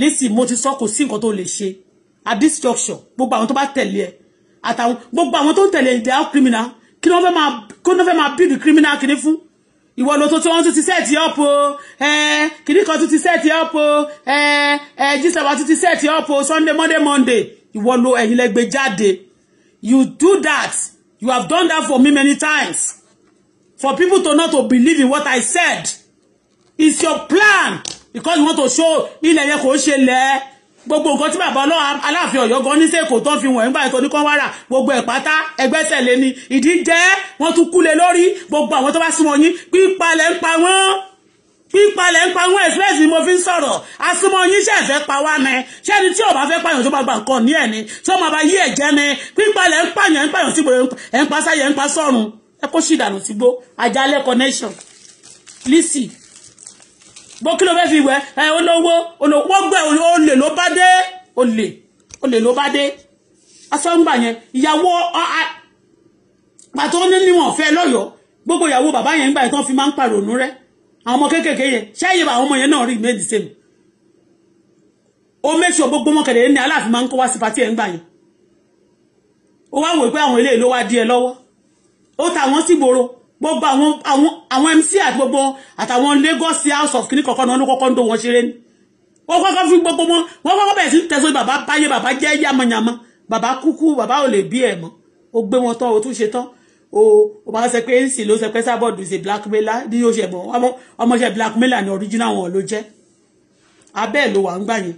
lisi mo ti sọ kò sí nǹkan tó lè ṣe at this juncture gbogbo àwọn tó bá tẹ̀lé ẹ àtàwọn gbogbo àwọn tó ń tẹ̀lé ẹ they are criminal kí ló fẹ́ máa kó ló fẹ́ máa build criminal kìíní fún ìwọ ló tó tó wọn tún ti set up o ẹ kìíní kan tún ti set up o ẹ ẹ jísọba tún ti set up o sunday monday monday ìwọ ló ẹ̀yin lẹ́gbẹ́ jáde you do that you have done that for me many times for people to not to believe in what I said it's your plan because you want to show ilẹ̀ yẹn kò ṣe lẹ́ẹ̀ gbogbo nǹkan tí bàbá ọlọ́run aláàfin ọ̀yọ́ gan níṣẹ́kò tán fi wọ̀n nígbà tó ní kán wára gbogbo ẹ̀ pátá ẹgbẹ́sẹ̀ lé ní ìdí jẹ́ wọ́n tún kúlẹ̀ lórí gbogbo àwọn tó bá súnmọ́ yín pípalẹ̀ ń pa wọ́n pípalẹ̀ ń pa wọ́n ẹ̀sìpẹ́sì mo fi ń sọ̀rọ̀ asúnmọ́ yín ṣe ẹ̀fẹ́ pa wá mẹ́ ṣé ẹni tí ò bá fẹ́ pààyàn tó bá gba nǹkan ní ẹ̀ ni tó máa bá yí ẹ̀jẹ̀ ni pípalẹ̀ ń pààyàn ń pààyàn sí gbòòrò ẹ̀ ń pa sáyẹ̀ ń pa sọ́run ẹ kó ṣì dànù sígbó àjálẹ̀ connection lisi bó kí ló olowo fi wẹ̀ ẹ olówó olówó gbẹ olè ló bá dé olè olè ló bá dé asọ́ngbà yẹn ìyàwó pàtó ní níwọ̀n fẹ́ lọ́yọ̀ọ́ gbogbo ìyàwó bàbá yẹn nígbà yẹn tán fi máa ń pàrònú rẹ àwọn ọmọ kéékèèké yẹn ṣẹ́yìn àwọn ọmọ yẹn náà rí méjì sèmi ó mẹ́sọ̀ gbogbo ní máa ń kó wá ta wọ́n sí gbogbo àwọn àwọn àwọn mc àti gbogbo àtàwọn Lagos house of kìnnìkan kan náà ló kọ́kọ́ ń do wọn ṣeré ni wọ́n kọ́kọ́ fún gbogbo wọn wọ́n kọ́kọ́ bẹ̀rẹ̀ sí ń tẹ̀sọ́ bàbá báyé bàbá jẹ́ yàmọ̀yàmọ̀ bàbá kúkú bàbá ò lè bí ẹ̀ mọ́ ó gbé wọn tán ó tún ṣe tán o o bá sọ pé ń sì ló sọ pé sábọ̀ dùn sí blackmailer ní yóò ṣe bọ̀ ọmọọṣẹ́ blackmailer ni original wọn ló jẹ́ abẹ́ ló wà ń gbà yẹn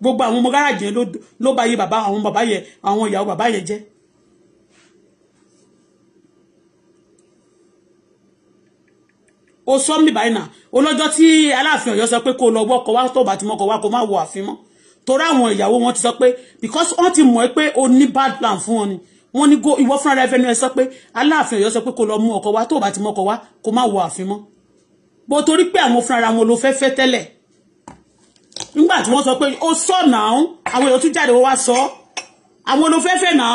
gbogbo àwọn ọmọ gáràjì yẹn ló bá yé bàbá àwọn bàbá yẹn àwọn ìyàwó bàbá yẹn jẹ́ ó sọ mí báyìí náà olọ́jọ́ tí aláàfin ọ̀yọ́ sọ pé kó lọ wọ́kọ̀ wá tó bá ti mọ́kọ̀ wá kó má wọ àfin mọ́ torí àwọn ìyàwó wọn ti sọ pé because wọ́n ti mọ̀ ẹ́ pé o ní bad plan fún wọn ni wọ́n ní go ìwọ fúnra rẹ fẹ́nu ẹ sọ pé aláàfin ọ̀yọ́ sọ pé kó lọ mú ọkọ wá tó bá ti mọ́kọ̀ wá kó má wọ àfin mọ́ bó torí pé àwọn fúnra wọn ló fẹ́ fẹ́ tẹ́lẹ̀ nígbà tí wọ́n sọ pé ó sọ náà àwọn èèyàn tún jáde wọ́n wá sọ àwọn olófẹ́fẹ́ náà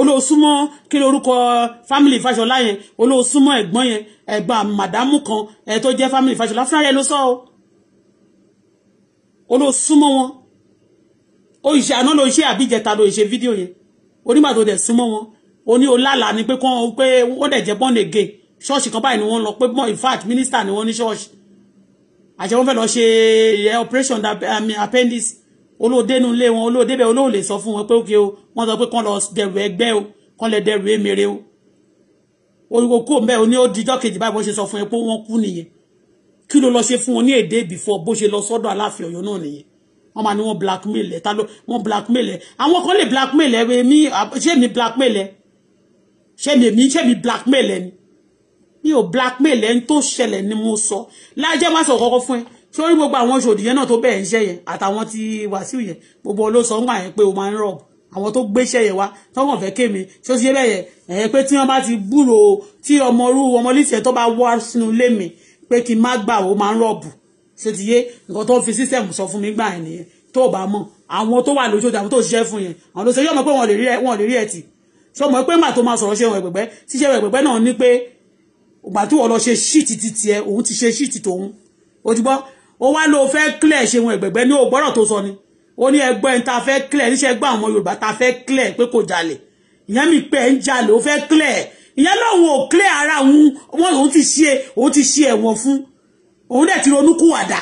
olóòsúmọ́ kí lórúkọ family Fáṣọlá yẹn olóòsúmọ́ ẹ̀gbọ́n yẹn ẹ̀gbà màdámù kan ẹ̀ tó jẹ́ family Fáṣọlá fúnra rẹ̀ ló sọ ọ́ olóòsúmọ́ wọn oṣù àná ló ṣe àbíjẹta ló ṣe fídíò yẹn onígbà tó dẹ̀ súnmọ́ wọn oní olálà ni pé wọ́n dẹ̀ jẹ́ born again ṣọ́ọ̀ṣì kan báyìí ni wọ́n lọ pé in fact minister ni wọ́n ní ṣọ́ọ̀ṣì àṣẹ wọn fẹ́ lọ ṣe eh, operation um, appendix olóòdénú ilé wọn olóòdébẹ̀ olóò lè sọ fún wọn pé ókè o wọ́n sọ pé kán lọ dẹrù ẹgbẹ́ o kán lè dẹrù èmèrè o orúkọ kó mbẹ́ o ní ó dijọ́ kejì báyìí bó ṣe sọ fún ẹ pé wọ́n kú nìyẹn kí ló lọ ṣe fún wọn ní èdè before bó ṣe lọ sọ́dọ̀ aláàfin ọ̀yọ́ náà nìyẹn wọ́n máa ní wọ́n blackmail ẹ̀ ta ló wọ́n blackmail ẹ̀ àwọn kan lè blackmail ẹ̀ mi ṣé mi blackmail ẹ̀ ṣé mi èmi ṣé mi blackmail ẹ̀ ni mi ò blackmail ẹ̀ ń tó ṣẹlẹ̀ ni mo sọ lájẹ́ má sọ kọ́kọ́ fún ẹ sórí gbogbo àwọn oṣòdì yẹn náà tó bẹ̀ẹ̀ iṣẹ́ yẹn àtàwọn ti wàsíù yẹn gbogbo olóṣọ́ ń gbà yẹn pé o máa ń rọ̀ àwọn tó gbéṣẹ́ yẹn wá tọ́wọ́n fẹ́ kémi ṣó ṣe bẹ́ẹ̀ yẹn ẹ̀yẹ pé tí wọ́n bá ti gbúrò tí ọmọ orú ọmọ lísìẹ́ tó bá wá sínú ilé mi pé kí n má gbà ó máa ń rọ̀bù ṣe ti yé nǹkan tó fi sísẹ̀mù sọ fún mi gbà yẹn nìyẹn tó o bá mọ̀ àwọn tó wà lójú àwọn tó ṣiṣẹ́ fún yẹn àwọn ló ṣe yọ̀mọ̀ pé wọ́n lè rí ẹ̀ tì ṣọmọ pé màá tó máa sọ̀rọ̀ ṣe wọn ẹ̀gbẹ̀gbẹ́ ṣíṣe ẹ̀gbẹ̀gbẹ́ náà ní pé ògbà tí wọ́n lọ ṣe ṣíìtì titi ẹ̀ òun ti ṣe ṣíìtì tòun ojúbọ ó wá ló fẹ́ clear ṣe wọn ẹ̀gbẹ̀gbẹ́ ní ògbọ́rọ̀ tó sọ ni ó ní ẹgbẹ́ ń ta fẹ́ clear níṣẹ́ gbọ́ àwọn Yorùbá ta fẹ́ clear pé kò jalè ìyẹn mi pé ń jalè ó fẹ́ clear ìyẹn lóun ò clear ara òun wọn òun ti ṣe òun ti ṣe ẹ̀wọ̀n fún òun dẹ̀ ti ronúkúwàdà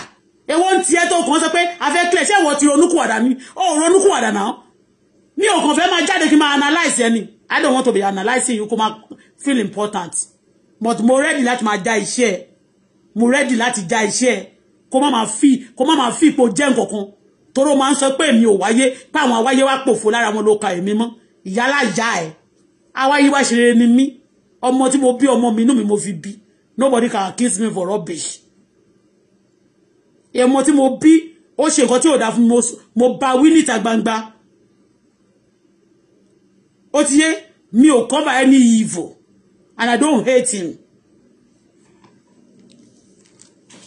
èwo ń tiẹ́ to kàn sọ pé a fẹ́ clear ṣé ìwọ ti ronúkúwàdà ni ó ronúkúwàdà náà mi ò kàn fẹ́ máa jáde kí n máa analyse ẹni I don't want to be analyzing you kó máa feel important but mo ready láti máa já iṣẹ́ mo ready láti já iṣẹ́ kó má máa fi kó má máa fi ipò jẹ́ nǹkankan toro máa ń sọ pé èmi ò wáyé pé àwọn awáyé wá pòfo lára wọn ló ka èmi mọ́ ìyálàyà ẹ̀ awáyé wá ṣe ni mí ọmọ tí mo bí ọmọ mi inú mi mo fi bí nobody can accuse me for rubbish ọmọ tí mo bí ó ṣe nǹkan tí ò dáa fún mi mo bá wí níta gbangba ó ti yé mi ò cover any evil and I don't hate him.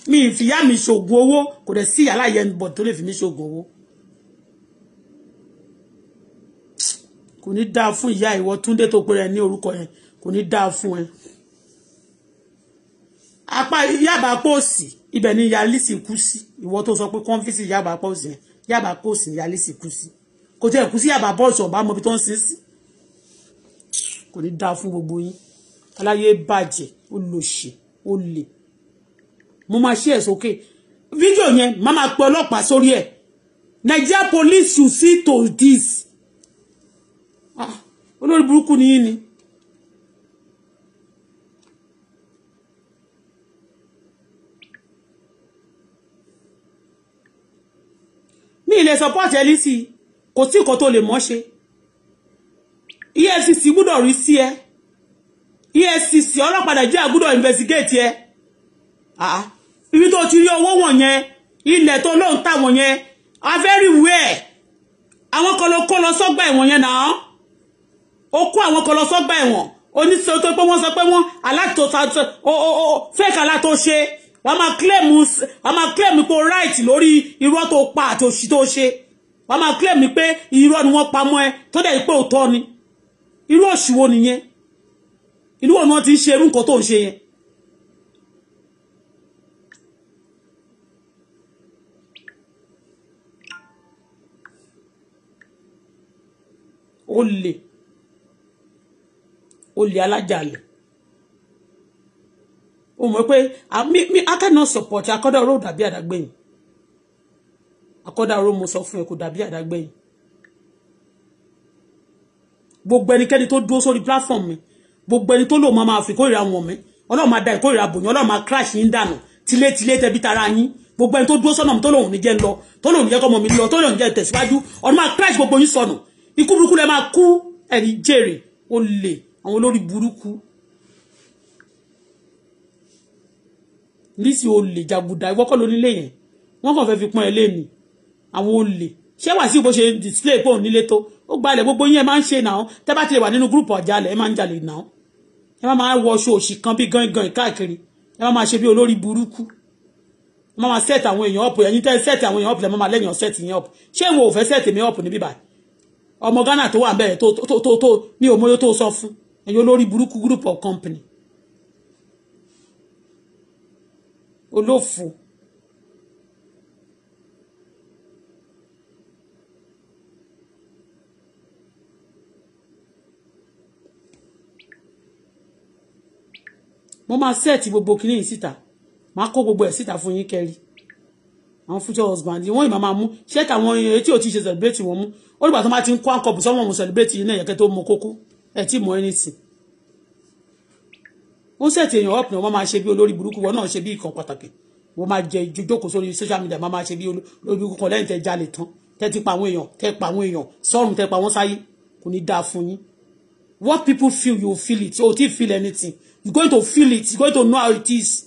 mi ìfìyà mi ṣògùn owó kò dẹ̀ sí yàrá yẹn bọ̀ tó lè fi mi ṣògùn owó. kò ní dáa fún ìyá ìwọ túndé tó pé rẹ ní orúkọ yẹn kò ní dáa fún ẹ. apá yàbá pòsì ibẹ̀ ni yalisi kú sí ìwọ tó sọ pé kọ́ńfíìsì yàbá pòsì yẹn yàbá pòsì ni yalisi kú sí kò tẹ́ kú sí yàbá bọ́ọ̀sì ọ̀bá mọ́bi tó ń sin sí kò ní dáa fún gbogbo yín aláyé bàjẹ́ ó lòṣì ó lè mo máa ṣí ẹ̀ sókè fídíò yẹn má máa pe ọlọ́pàá sórí ẹ̀ Nigeria police you see to this ah, olórí burúkú ni yín ni. mi ì lè support ẹ lísì e kò sí nǹkan tó lè mọ́ ṣe EFCC gbúdọ̀ rí sí ẹ EFCC ọlọ́pàá Nàìjíríà gbúdọ̀ investigate ẹ. Ah. ah ibi tó ti rí owó wọ̀nyẹn ilẹ̀ tó lóun tà wọ̀nyẹn everywhere àwọn kan ló kó lọ sọ́gbà ẹ̀wọ̀n yẹn náà ó kó àwọn kan lọ sọ́gbà ẹ̀wọ̀n oníṣẹ́ tó pé wọ́n sọ pé wọ́n aláàtòsá fẹ́ẹ̀kì aláàtòṣe wọ́n máa claim wọ́n máa claim pé right lórí irọ́ tó pa àti òṣì tó ṣe wọ́n máa claim pé irọ́ ni wọ́n pa mọ́ ẹ tó dẹ̀ pé òótọ́ ni irú òṣìwò nìyẹn ìlú wo ni wọ́n ti ń ṣe irú nǹkan tó ń ṣe yẹn olè olè alájàlè o mọ̀ pé cannot support akọ́dà oró dàbí àdágbẹ̀yìn akọ́dà oró mo sọ fún ẹ kò dàbí àdágbẹ̀yìn gbogbo ẹnikẹ́ni tó dúró sórí platform mi gbogbo ẹni tó lò máa máa fi kórìíra wọn mi ọlọ́run máa da ìkórìíra bòyìn ọlọ́run máa crash yín dànù tilétilé tẹbi tara yín gbogbo ẹni tó dúró sọ́nà mi tó lòun ní jẹ́ lọ tó lòun ní jẹ́ kọ́mọ mi lọ tó lòun ní jẹ́ tẹ̀síwájú ọdún máa crash gbogbo yín sọnù ikú burúkú lẹ máa kú ẹni jèrè ó lè àwọn olórí burúkú lísì olè jàgùdà ìwọ́kọ̀ lónílé yẹn wọ́n kàn fẹ́ẹ́ fi pọ́n ẹ léèmí àwọn olè ṣé wà sí bó ṣe display pọ̀ nílé tó ó gbalẹ̀ gbogbo yín ẹ máa ń ṣe náà tẹ́ bá ti lè wà nínú gúrùpù ọ̀jalẹ̀ ẹ máa ń jalè náà ẹ máa máa wọṣọ òṣì kan bí gangan káàkiri ẹ máa máa ṣe bí olórí burúkú ẹ máa máa set àwọn èèyàn up ẹ̀yin tẹ́ set àwọn èèyàn up lẹ́ máa máa lẹ́yìn set yẹn up ṣé ìwọ ò fẹ́ set mi up níbí báyìí ọmọ Ghana tó wà bẹ́ẹ̀ tó tó tó ní òmòye tó sọ fún ẹ̀yọ́ lórí burúkú group of company olófò. mo máa sẹ́ẹ̀tì gbogbo kìnìún síta máa kó gbogbo ẹ̀ síta fún yín kẹ́rì àwọn future husband wọ́n ìmọ̀ máa mú ṣé káwọn èyí ò ti ṣe celebrate wọn mú ó nígbà tó máa ti ń kó àkọ́bù sọ́wọ́n òun celebrate yìí náà yẹ̀kẹ́ tó mọ kókó ẹ̀ tí mọ ẹni sìn wọ́n sẹ̀tì èèyàn ọ̀pìn wọ́n máa ṣe bí olórí burúkú wọn náà ṣe bí ìkan pàtàkì wọ́n máa jẹ ìjókòó sórí social media máa ṣe bí olórí burúkú kan lẹ́yìn tẹ́ jalè tán tẹ́ ti pa àwọn èèyàn tẹ́ pa àwọn èèyàn sọ́run tẹ́ pa wọ́n sáyé kò ní dáa fún yín what people feel you feel it o ti feel anything you going to feel it you going to know how it is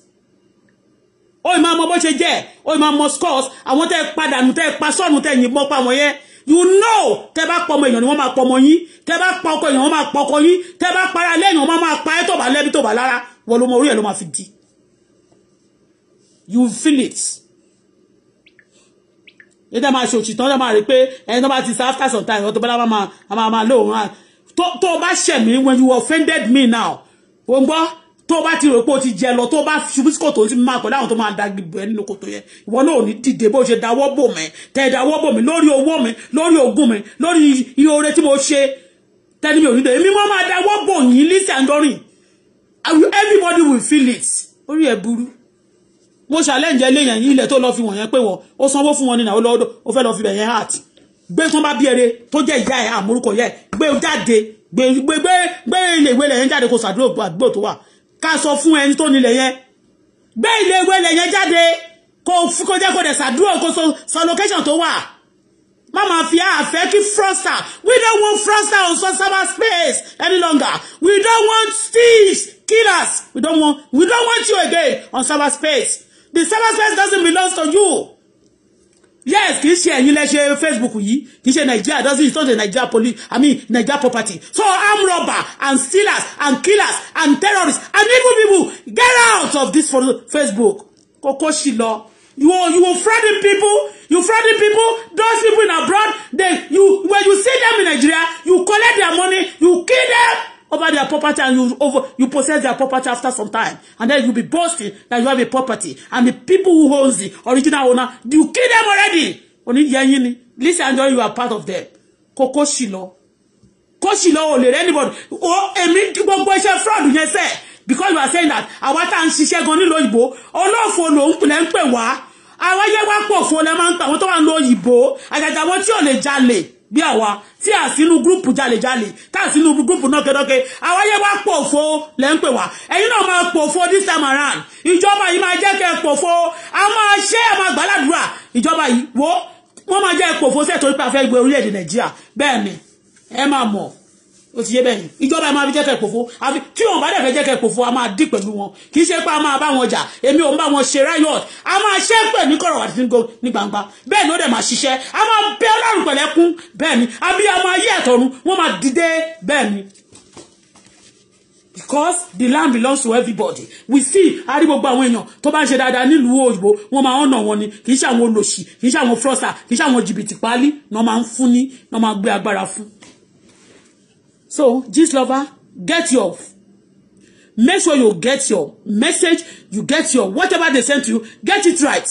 ó máa mọ bó ṣe jẹ́ ó máa mọ scores àwọn tẹ́ padà nù tẹ́ pa sọ́ọ̀nù tẹ́ yìnbọn pa àwọn yẹn you know tẹ́ bá pọ̀ ọmọ èèyàn ni wọ́n máa pọ̀ ọmọ yín tẹ́ bá pa ọkọ èèyàn wọ́n máa pọ̀ ọkọ yín tẹ́ bá para lẹ́yìn wọ́n máa pa ẹ́ tó bá lẹ́bí tó bá lára wọ́n ló mọ orí ẹ̀ ló máa fi di you feel it yóò dá máa ṣe òtítọ́ dá máa rí pé ẹni tó bá ti sa after some time ọtọ́ bọ́lá máa máa máa lóòrùn tó o bá ṣẹ̀ mí when you offended me now o ń gbọ́ tó bá ti rò pé o ti jẹ lọ tó bá ṣubú sí kòtò tí máa pẹ̀lú àwọn tó máa dagi bẹ̀ nínú kòtò yẹn ìwọ náà ò ní dìde bó ṣe dáwọ́ bò mí tẹ̀ dáwọ́ bò mí lórí owó mi lórí ogún mi lórí iye oore tí mo ṣe tẹ́lẹ̀ mi ò ní dẹ̀ èmi wọ́n máa dáwọ́ bò yín Lizzy Anjorin everybody will feel it orí ẹ̀ burú mo ṣàlẹ́ǹjẹ́ léèyàn yín ilẹ̀ tó lọ fi wọ̀nyẹn pé wọ́n ó sanwó fún wọn nínú àwọn olóòdó ó fẹ́ lọ fi bẹ̀yẹn heart gbé tó bá bí ẹrẹ tó jẹ́ ìyá ẹ̀ àmúrúkọ ìyá gbé jáde gbé gbé gbé ilé ìwé lẹ̀yìn jáde kó ṣàdúrà àdúgbò tó wà ká sọ fún ẹni tó nílẹ̀ yẹn gbé ilé ìwé ilẹ̀ yẹn jáde kó kó jẹ́ kó dẹ̀ sàdúrà kó sọ location tó wà má máa fi àfẹ́ kí froster we don't want froster on summer space any longer we don't want thieves killers we don't want we don't want you again on summer space the summer space doesn't belong to you yes kì í ṣe ẹ̀yin lẹ ṣe facebook yìí kì í ṣe nigeria doesn't it's not the nigeria police i mean nigeria property so armed robbers and stealers and killers and terrorists and evil people get out of this for facebook kókó sì lọ you you will threaten people you threaten people those people in abroad they you when you see them in nigeria you collect their money you kill them over their property and you over you possess their property after some time and then you be boasting that you have a property and the people who owns the original owner you kill them already oníyẹyìn ni Lizzy Anjorin you are part of them kókó sì lọ kó sì lọ ò lè rẹ anybody o èmi gbogbo iṣẹ́ fraud yẹn sẹ because you are saying that àwa tá à ń ṣiṣẹ́ gan nílò òyìnbó olóòfò ló ń pè ń pè wá àwọn ayé wa pọ̀ fún ọ lẹ́ máa ń pa àwọn tó wà nílò òyìnbó àjàjà wọn tí ò lè bí àwa tí a sínú gúrùpù jalejale tá a sínú gúrùpù nọ́kẹ́nọ́kẹ́ àwa yẹ wá pòfo lẹ́ ń pè wá ẹ̀yin náà máa pòfo this time around ìjọba yìí máa jẹ́ kẹ́ ẹ pòfo a máa ṣe é máa gbàládùra ìjọba yìí wo wọ́n máa jẹ́ ẹ pòfo sẹ́ẹ̀ torí pé a fẹ́ gbé orílẹ̀-èdè nàìjíríà bẹ́ẹ̀ ni ẹ máa mọ̀ ó ti yé bẹ́ẹ̀ yìí ìjọba ẹ máa fi jẹ́kẹ̀ pòfo àfi tí wọn bá dẹ̀ fẹ́ jẹ́kẹ̀ pòfo a máa dì pẹ̀lú wọn kì í ṣe pé a máa bá wọn jà èmi ò bá wọn ṣe riot a máa ṣe pẹ̀ ní kọ̀rọ̀ àti ní gbangba bẹ́ẹ̀ ni ó dẹ̀ máa ṣiṣẹ́ a máa bẹ ọlọ́run pẹ̀lẹ́kún bẹ́ẹ̀ ni àbí a máa yí ẹ̀tọ́run wọ́n máa dìde bẹ́ẹ̀ ni because the land belongs to everybody we see ari gbogbo àwọn èèyàn tó bá ń ṣe dáadáa nílùú òyìnbó wọn máa ń nà wọn ni kì í ṣe àwọn olòṣì kì í ṣe àwọn frosta kì í ṣe àwọn jìbìtì páálí ni wọn máa ń fún ni wọn máa gbé agbára fún So, this lover, get your make sure you get your message you get your whatever they send to you get it right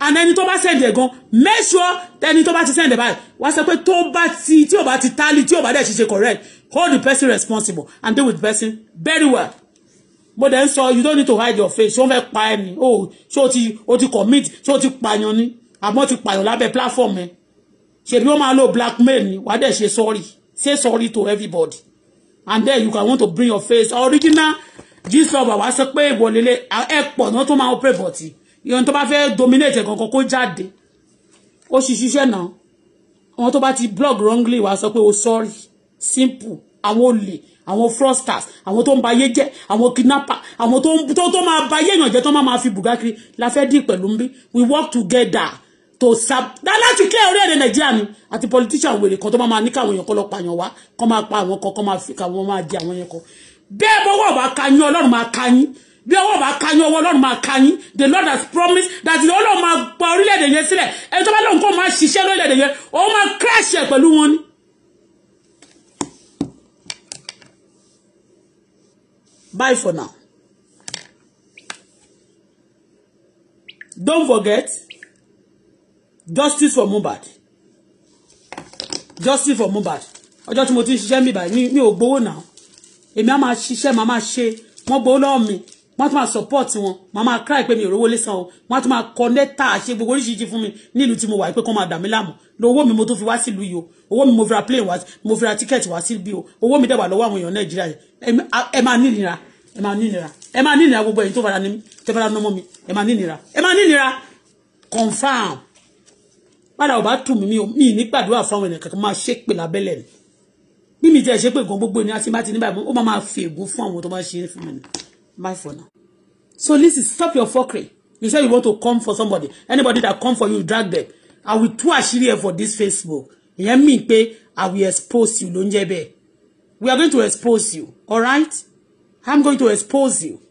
and ẹni tó bá send ẹ gan make sure ẹni tó bá ti send ẹ báyìí wá sọ pé tó bá ti tí ò bá ti tally tí ò bá dẹ̀ ṣe correct hold the person responsible and deal with the person very well mo dẹ̀ ń sọ you don't need to hide your face ṣé wọ́n fẹ́ pa ẹ ni o oh, ṣé o ti o ti commit ṣé o ti pààyàn ni àmọ́ ti pààyàn lábẹ́ platform ẹ ṣèbí wọ́n máa lo blackmail ni wàá dẹ̀ ṣe sorry. Say sorry to everybody. And then you can want to bring your face. Original, this love, àwa sọ pé ìwọ lélẹ̀, ẹ pọ̀ náà tó máa operate bọ̀tì. Ìyọ̀n tó bá fẹ́ dominate kankan kó jáde. Ó sì ṣiṣẹ́ náà. Àwọn tó bá ti blog wrongly wá sọ pé o sorry. Simple. Àwọn olè, àwọn fraudsters, àwọn tó ń ba ayé jẹ́, àwọn kidnapper, àwọn tó tó máa ba ayé èèyàn jẹ́ tó máa ma fi bùgákiri. La fẹ́ dì pẹ̀lú ń We work together to sab láti clear orílẹ̀-èdè nàìjíríà ni àti politician wèrè kan tó máa ní káwọn èèyàn kọ́ lọ pààyàn wá kọ́ máa pa àwọn kan kọ́ máa fi káwọn máa jẹ àwọn yẹn kọ́ bẹ́ẹ̀ bọ́wọ́ bá ka yín ọlọ́run máa ka yín bí ọwọ́ bá ka yín ọwọ́ ọlọ́run máa ka yín the lord has promised that the ọlọ́run máa gba orílẹ̀-èdè yẹn sílẹ̀ ẹni tó bá lóun kó máa ṣiṣẹ́ lórílẹ̀-èdè yẹn òun máa crash ẹ̀ pẹ̀lú wọn ni. bye for now don't forget justice for Mohbad justice for Mohbad ọjọ́ tí mo ti ń ṣiṣẹ́ mi báyìí mi ò gbowó náà èmi á máa ṣiṣẹ́ màá máa ṣe wọ́n gbowó lọ́wọ́ mi wọ́n tún máa support wọn màá máa cry pé mi ò rówó lé san o wọ́n tún máa kọ́nẹ́tà ṣe gbogbo oríṣiríṣi fún mi nílùú tí mo wà pé kọ́ máa dà mí láàmú owó mi mo tó fi wá sílùú yìí o owó mi mo fi plane wá mo fi ra ticket wá sí bí o owó mi dẹ̀ wà lọ́wọ́ àwọn èèyàn Nàìjíríà yẹn ẹ máa nínira ẹ máa nínira ẹ máa nínira gbogbo ẹ̀yin tó fara ní tẹ́fara nọ́mọ́ mi ẹ máa nínira ẹ máa nínira confam bára ò bá tù mí mi ní gbàdúrà fún àwọn ènìyàn kankan máa ṣe pè lábẹ́lẹ̀ mi bí mi jẹ́ ṣe pé gan gbogbo ni a ti ti ní báyìí ó máa máa fi ègún fún àwọn tó bá ṣe mi bye for now so listen stop your fuckery you say you want to come for somebody anybody that come for you drag them i will tú àṣírí ẹ for this facebook ìyẹn mean pé i will expose you ló ń jẹ́ we are going to expose you all right i'm going to expose you